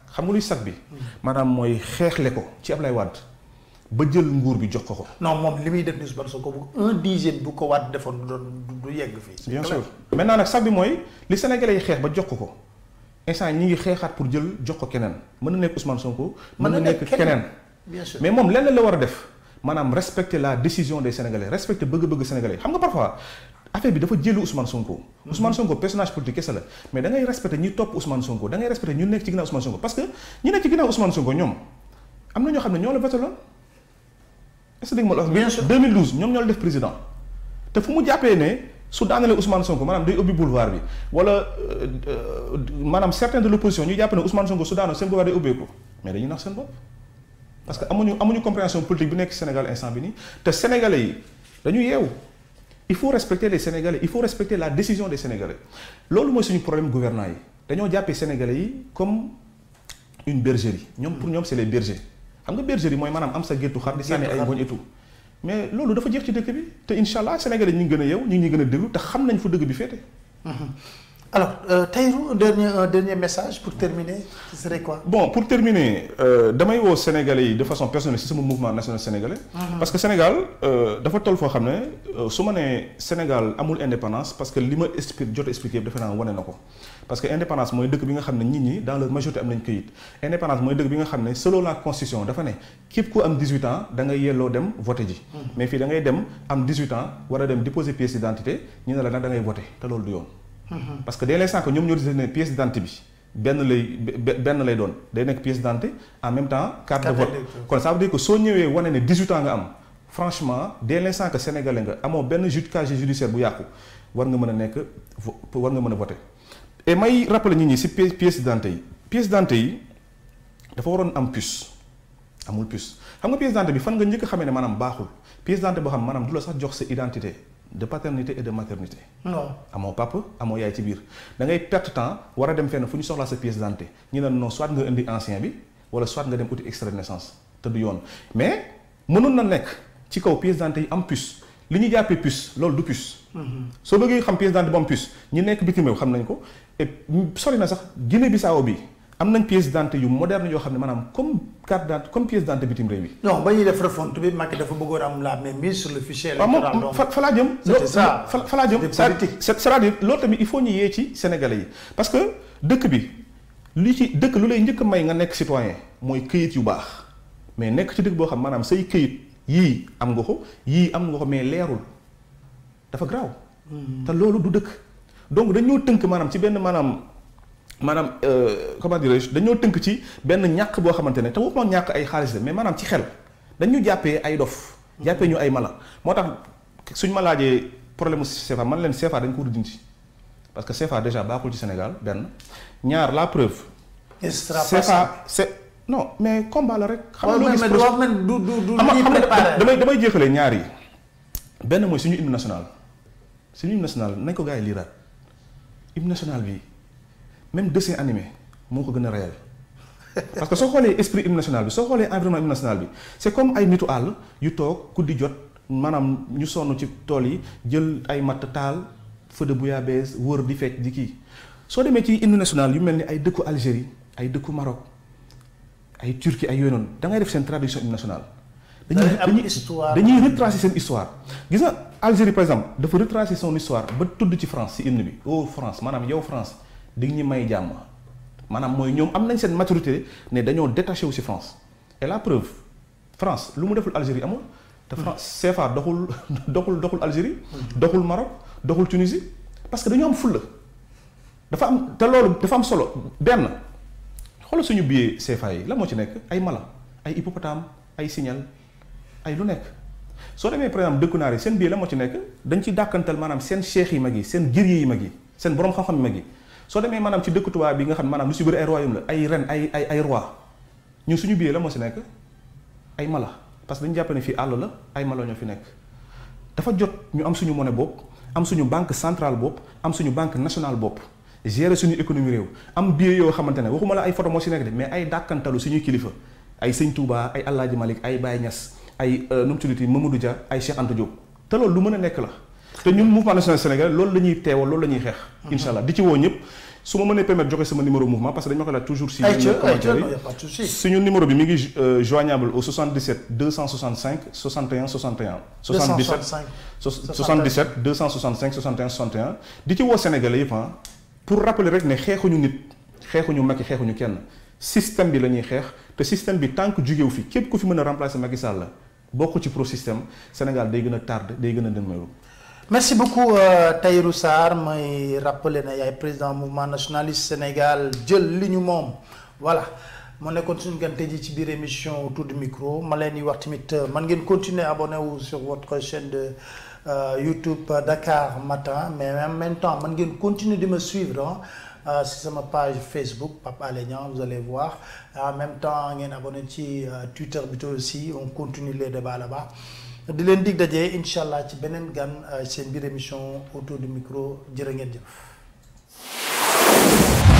xam nga luy sag bi. Hmm. maanaam mooy xeexle ko ci Ablaye Wade ba jël nguur bi jox ko ko. non moom li muy def ni Ousmane Sonko bu un dixième bu ko Wade defoon du yegg fii. bien sûr maintenant nag sag bi mooy li Sénégalais xeex ba jox ko ko instant ñi ngi xeexaat pour jël jox ko keneen mën na nekk Ousmane ko mën na nekk keneen bien sûr mais moom lenn la war a def maanaam respecte la décision des Sénégalais respecter bëgg-bëgg Sénégalais xam nga parfois affaire bi dafa jëlu Ousmane Sonko. Ousmane Sonko personnage politique kese la mais da ngay respecté ñi topp Ousmane Sonko da ngay respecté ñu nekk ci ginnaaw Ousmane Sonko parce que ñi nekk ci ñoom am na ñoo xam ne ñoo la vetaloon est-ce que dégg ma la wax. bien sûr 2012 ñoom ñoo la def président te fu mu jàppee ne su daanelee Ousmane Sonko maanaam day ubbi boulevard bi wala euh, maanaam certains de l'opposition ñu jàpp ne Ousmane Sonko su daanoo seen boulevard day ubbeeku mais dañuy nax seen bopp parce que amuñu amuñu compréhension politique bi nekk Sénégal instant bi nii te sénégalais yi dañu yeewu il faut respecter les Sénégalais il faut respecter la décision des Sénégalais loolu c'est suñu problème gouvernement. yi dañoo les Sénégalais comme une bergerie pour nous, c'est les bergers xam nga bergerie moi, maanaam am sa géttu xar di sànni ay et tout mais c'est dafa qu'il ci dire. bi te incha Sénégalais ñu ngi gën a yeew ñu ngi gën a déglu te xam nañ fu alors, euh, Taïrou, un dernier, un dernier message pour terminer, ce serait quoi Bon, pour terminer, euh, demain au Sénégalais, de façon personnelle, c'est mon mouvement national sénégalais. Mhm. Parce que Sénégal, d'abord, tout le fois, que on est Sénégal, amul indépendance, parce que ce que j'ai expliqué, de faire un Parce que l'indépendance, moi, que bien ramené ni dans leur majorité amène une cueillite. Indépendance, moi, deux bien ramené selon la constitution, de que qui peut am 18 ans, d'anger yellow dem voter mhm. Mais si d'anger dem am 18 ans, voilà dem déposer pièce d'identité, ni dans la que voter, veux dire. Mhm. parce que dès l'instant que ñoom ñoo disee ne pièce d'identité bi benn lay benn lay doon day nekk pièce d'identité en même temps carte de vote kon ça veut dire que soo ñëwee wane ne 18 ans nga am franchement dès l'instant que sénégalais nga amoo ben casier judiciaire bu yàqu war nga mën a war nga mën voter et may rappeler nit ñi si pièce d'identité pièce d'identité yi dafa waroon am puce amul puce xam nga pièce d'identité bi fan nga njëkk a xamee ne maanaam baaxul pièce d'identité boo xam maanaam du la sax jox sa identité de paternité et de maternité. non À mon papa à mon ci bir. da ngay perte temps war a dem fenn une ñu soxlaa sa pièce d'identité ñu ne non soit nga indi ancien bi wala soit nga dem uti extra de naissance te du yoon mais mënoon na nekk ci kaw pièce d'identité en am puce li ñu jàppee puce loolu du puce. Mhm. soo bëggee xam pièce d'identité bu am puce ñi nekk bitim réew xam nañ ko et sorry, na sax Guinée Bissau bi am nañ pièces d'identité yu moderne yoo xam ne maanaam comme carte d'identité comme pièces d'identité bitim réew yi. non ba ñuy def refonte bi Macky dafa bëggoon am la mainmise sur le fichier électoral. donc fa fa laa jëm. c'est ça fa laa jëm c'est-à-dire loolu tamit il faut ñu yee ci sénégalais yi parce que dëkk bi li ci dëkk lu lay njëkk a may nga nekk citoyen mooy këyit yu baax mais nekk ci dëkk boo xam maanaam say këyit yii am nga ko yii am nga ko mais leerul dafa garaaw. Hmm. te loolu du dëkk donc dañoo tënk maanaam ci benn maanaam. Madame, euh, comment dirais-je dañoo tënk ci benn ñàkk boo xamante ne te waxuma ñàkk ay xaalis la mais maanaam ci xel dañu jàppee ay dof. jàppee ñu ay mala moo tax suñ problème CFA man leen CFA dañ ko dindi parce que CFA déjà baaxul ci Sénégal benn ñaar la preuve. CFA c'est non mais combat la rek. xam nga du du du ñaar yi benn mooy suñu hymne national suñu hymne national nañ ko gars yi liiraat national même dessin animé moo ko réel parce que soo xoolee esprit hymne national bi soo xoolee environnement national bi c'est comme ay nitu àll yu toog ku di jot maanaam ñu sonn ci tool yi ay matt taal de bouillabaisse wër di fecc di kii soo demee ci hymne national yu mel ay dëkku Algérie ay dëkku Maroc ay Turquie ay yooyu noonu da ngay def seen tradition hymne national dañuy dañuy retracer histoire gis nga Algérie par exemple dafa retracer son histoire ba tudd ci France si hymne bi oh France maanaam yow France digni ñu may jàmm manam moy ñom am nañ seen maturité né dañoo détaché wu France et la preuve France lu mu deful Algérie amul. te France hmm. CFA doxul doxul doxul Algérie. doxul Maroc doxul Tunisie parce que dañoo am fulla dafa am te loolu dafa am solo benn xoolal suñu billet CFA yi la moo ci nekk ay mala ay hippopotame ay signal ay lu nekk. soo demee par exemple dëkku naar seen billet la moo ci nekk dañ ci dàkkantal maanaam seen cheikh yi mag yi seen guerrier yi mag yi seen borom xam-xam yi mag yi. soo demee maanaam ci dëkk tubaab bi nga xam maanaam lu si bëri ay royaume la ay reine ay ay ay roi ñun suñu biir la moo si nekk ay mala parce que dañu jàpp ne fii àll la ay mala ñoo fi nekk dafa jot ñu am suñu monnaie bopp am suñu banque centrale bopp am suñu banque nationale bopp gérer suñu économie réew am biir yoo xamante ne waxuma la ay photo moo si nekk de mais ay dàkkantalu suñuy kilifa ay sëñ Touba ay Alaaji Malik ay Baye Niass ay euh, nu mu tuddati Mamadou Dia ay Cheikh Anta te loolu lu mën a nekk la te ñun mouvement national Sénégal, loolu ce qu'on veut, loolu ce qu'on veut incha allah di ci woo ñëpp su ma permettre joxe sama numéro mouvement parce que dañu ko a toujours signé. commentaire yi suñu numéro bi mi ngi euh, joignable au 77 265 61 61 77 77 265 61 61 di ci woo sénégalais ah, pour rappeler rek ne xeexuñu nit xeexuñu Macky xeexuñu kenn système bi lañuy xex xeex te système bi tant que jógewu fi képp ku fi qui remplacer Macky Sall bokku ci pro système Sénégal day gëna tard, day gëna a merci beaucoup euh, Tahirou Sarr Je rappelé na président président mouvement nationaliste Sénégal Dieu voilà Je continue à faire des ci émission autour du micro Je leen euh, continuer abonné sur votre chaîne de euh, YouTube Dakar Matin mais en même temps je continue continuer me suivre hein, sur ma page Facebook Papa vous allez voir en même temps vous abonné à Twitter aussi on continue les débats là-bas. di len dig dajé inshallah ci benen gan euh, sen biir émission autour du micro jërë jëf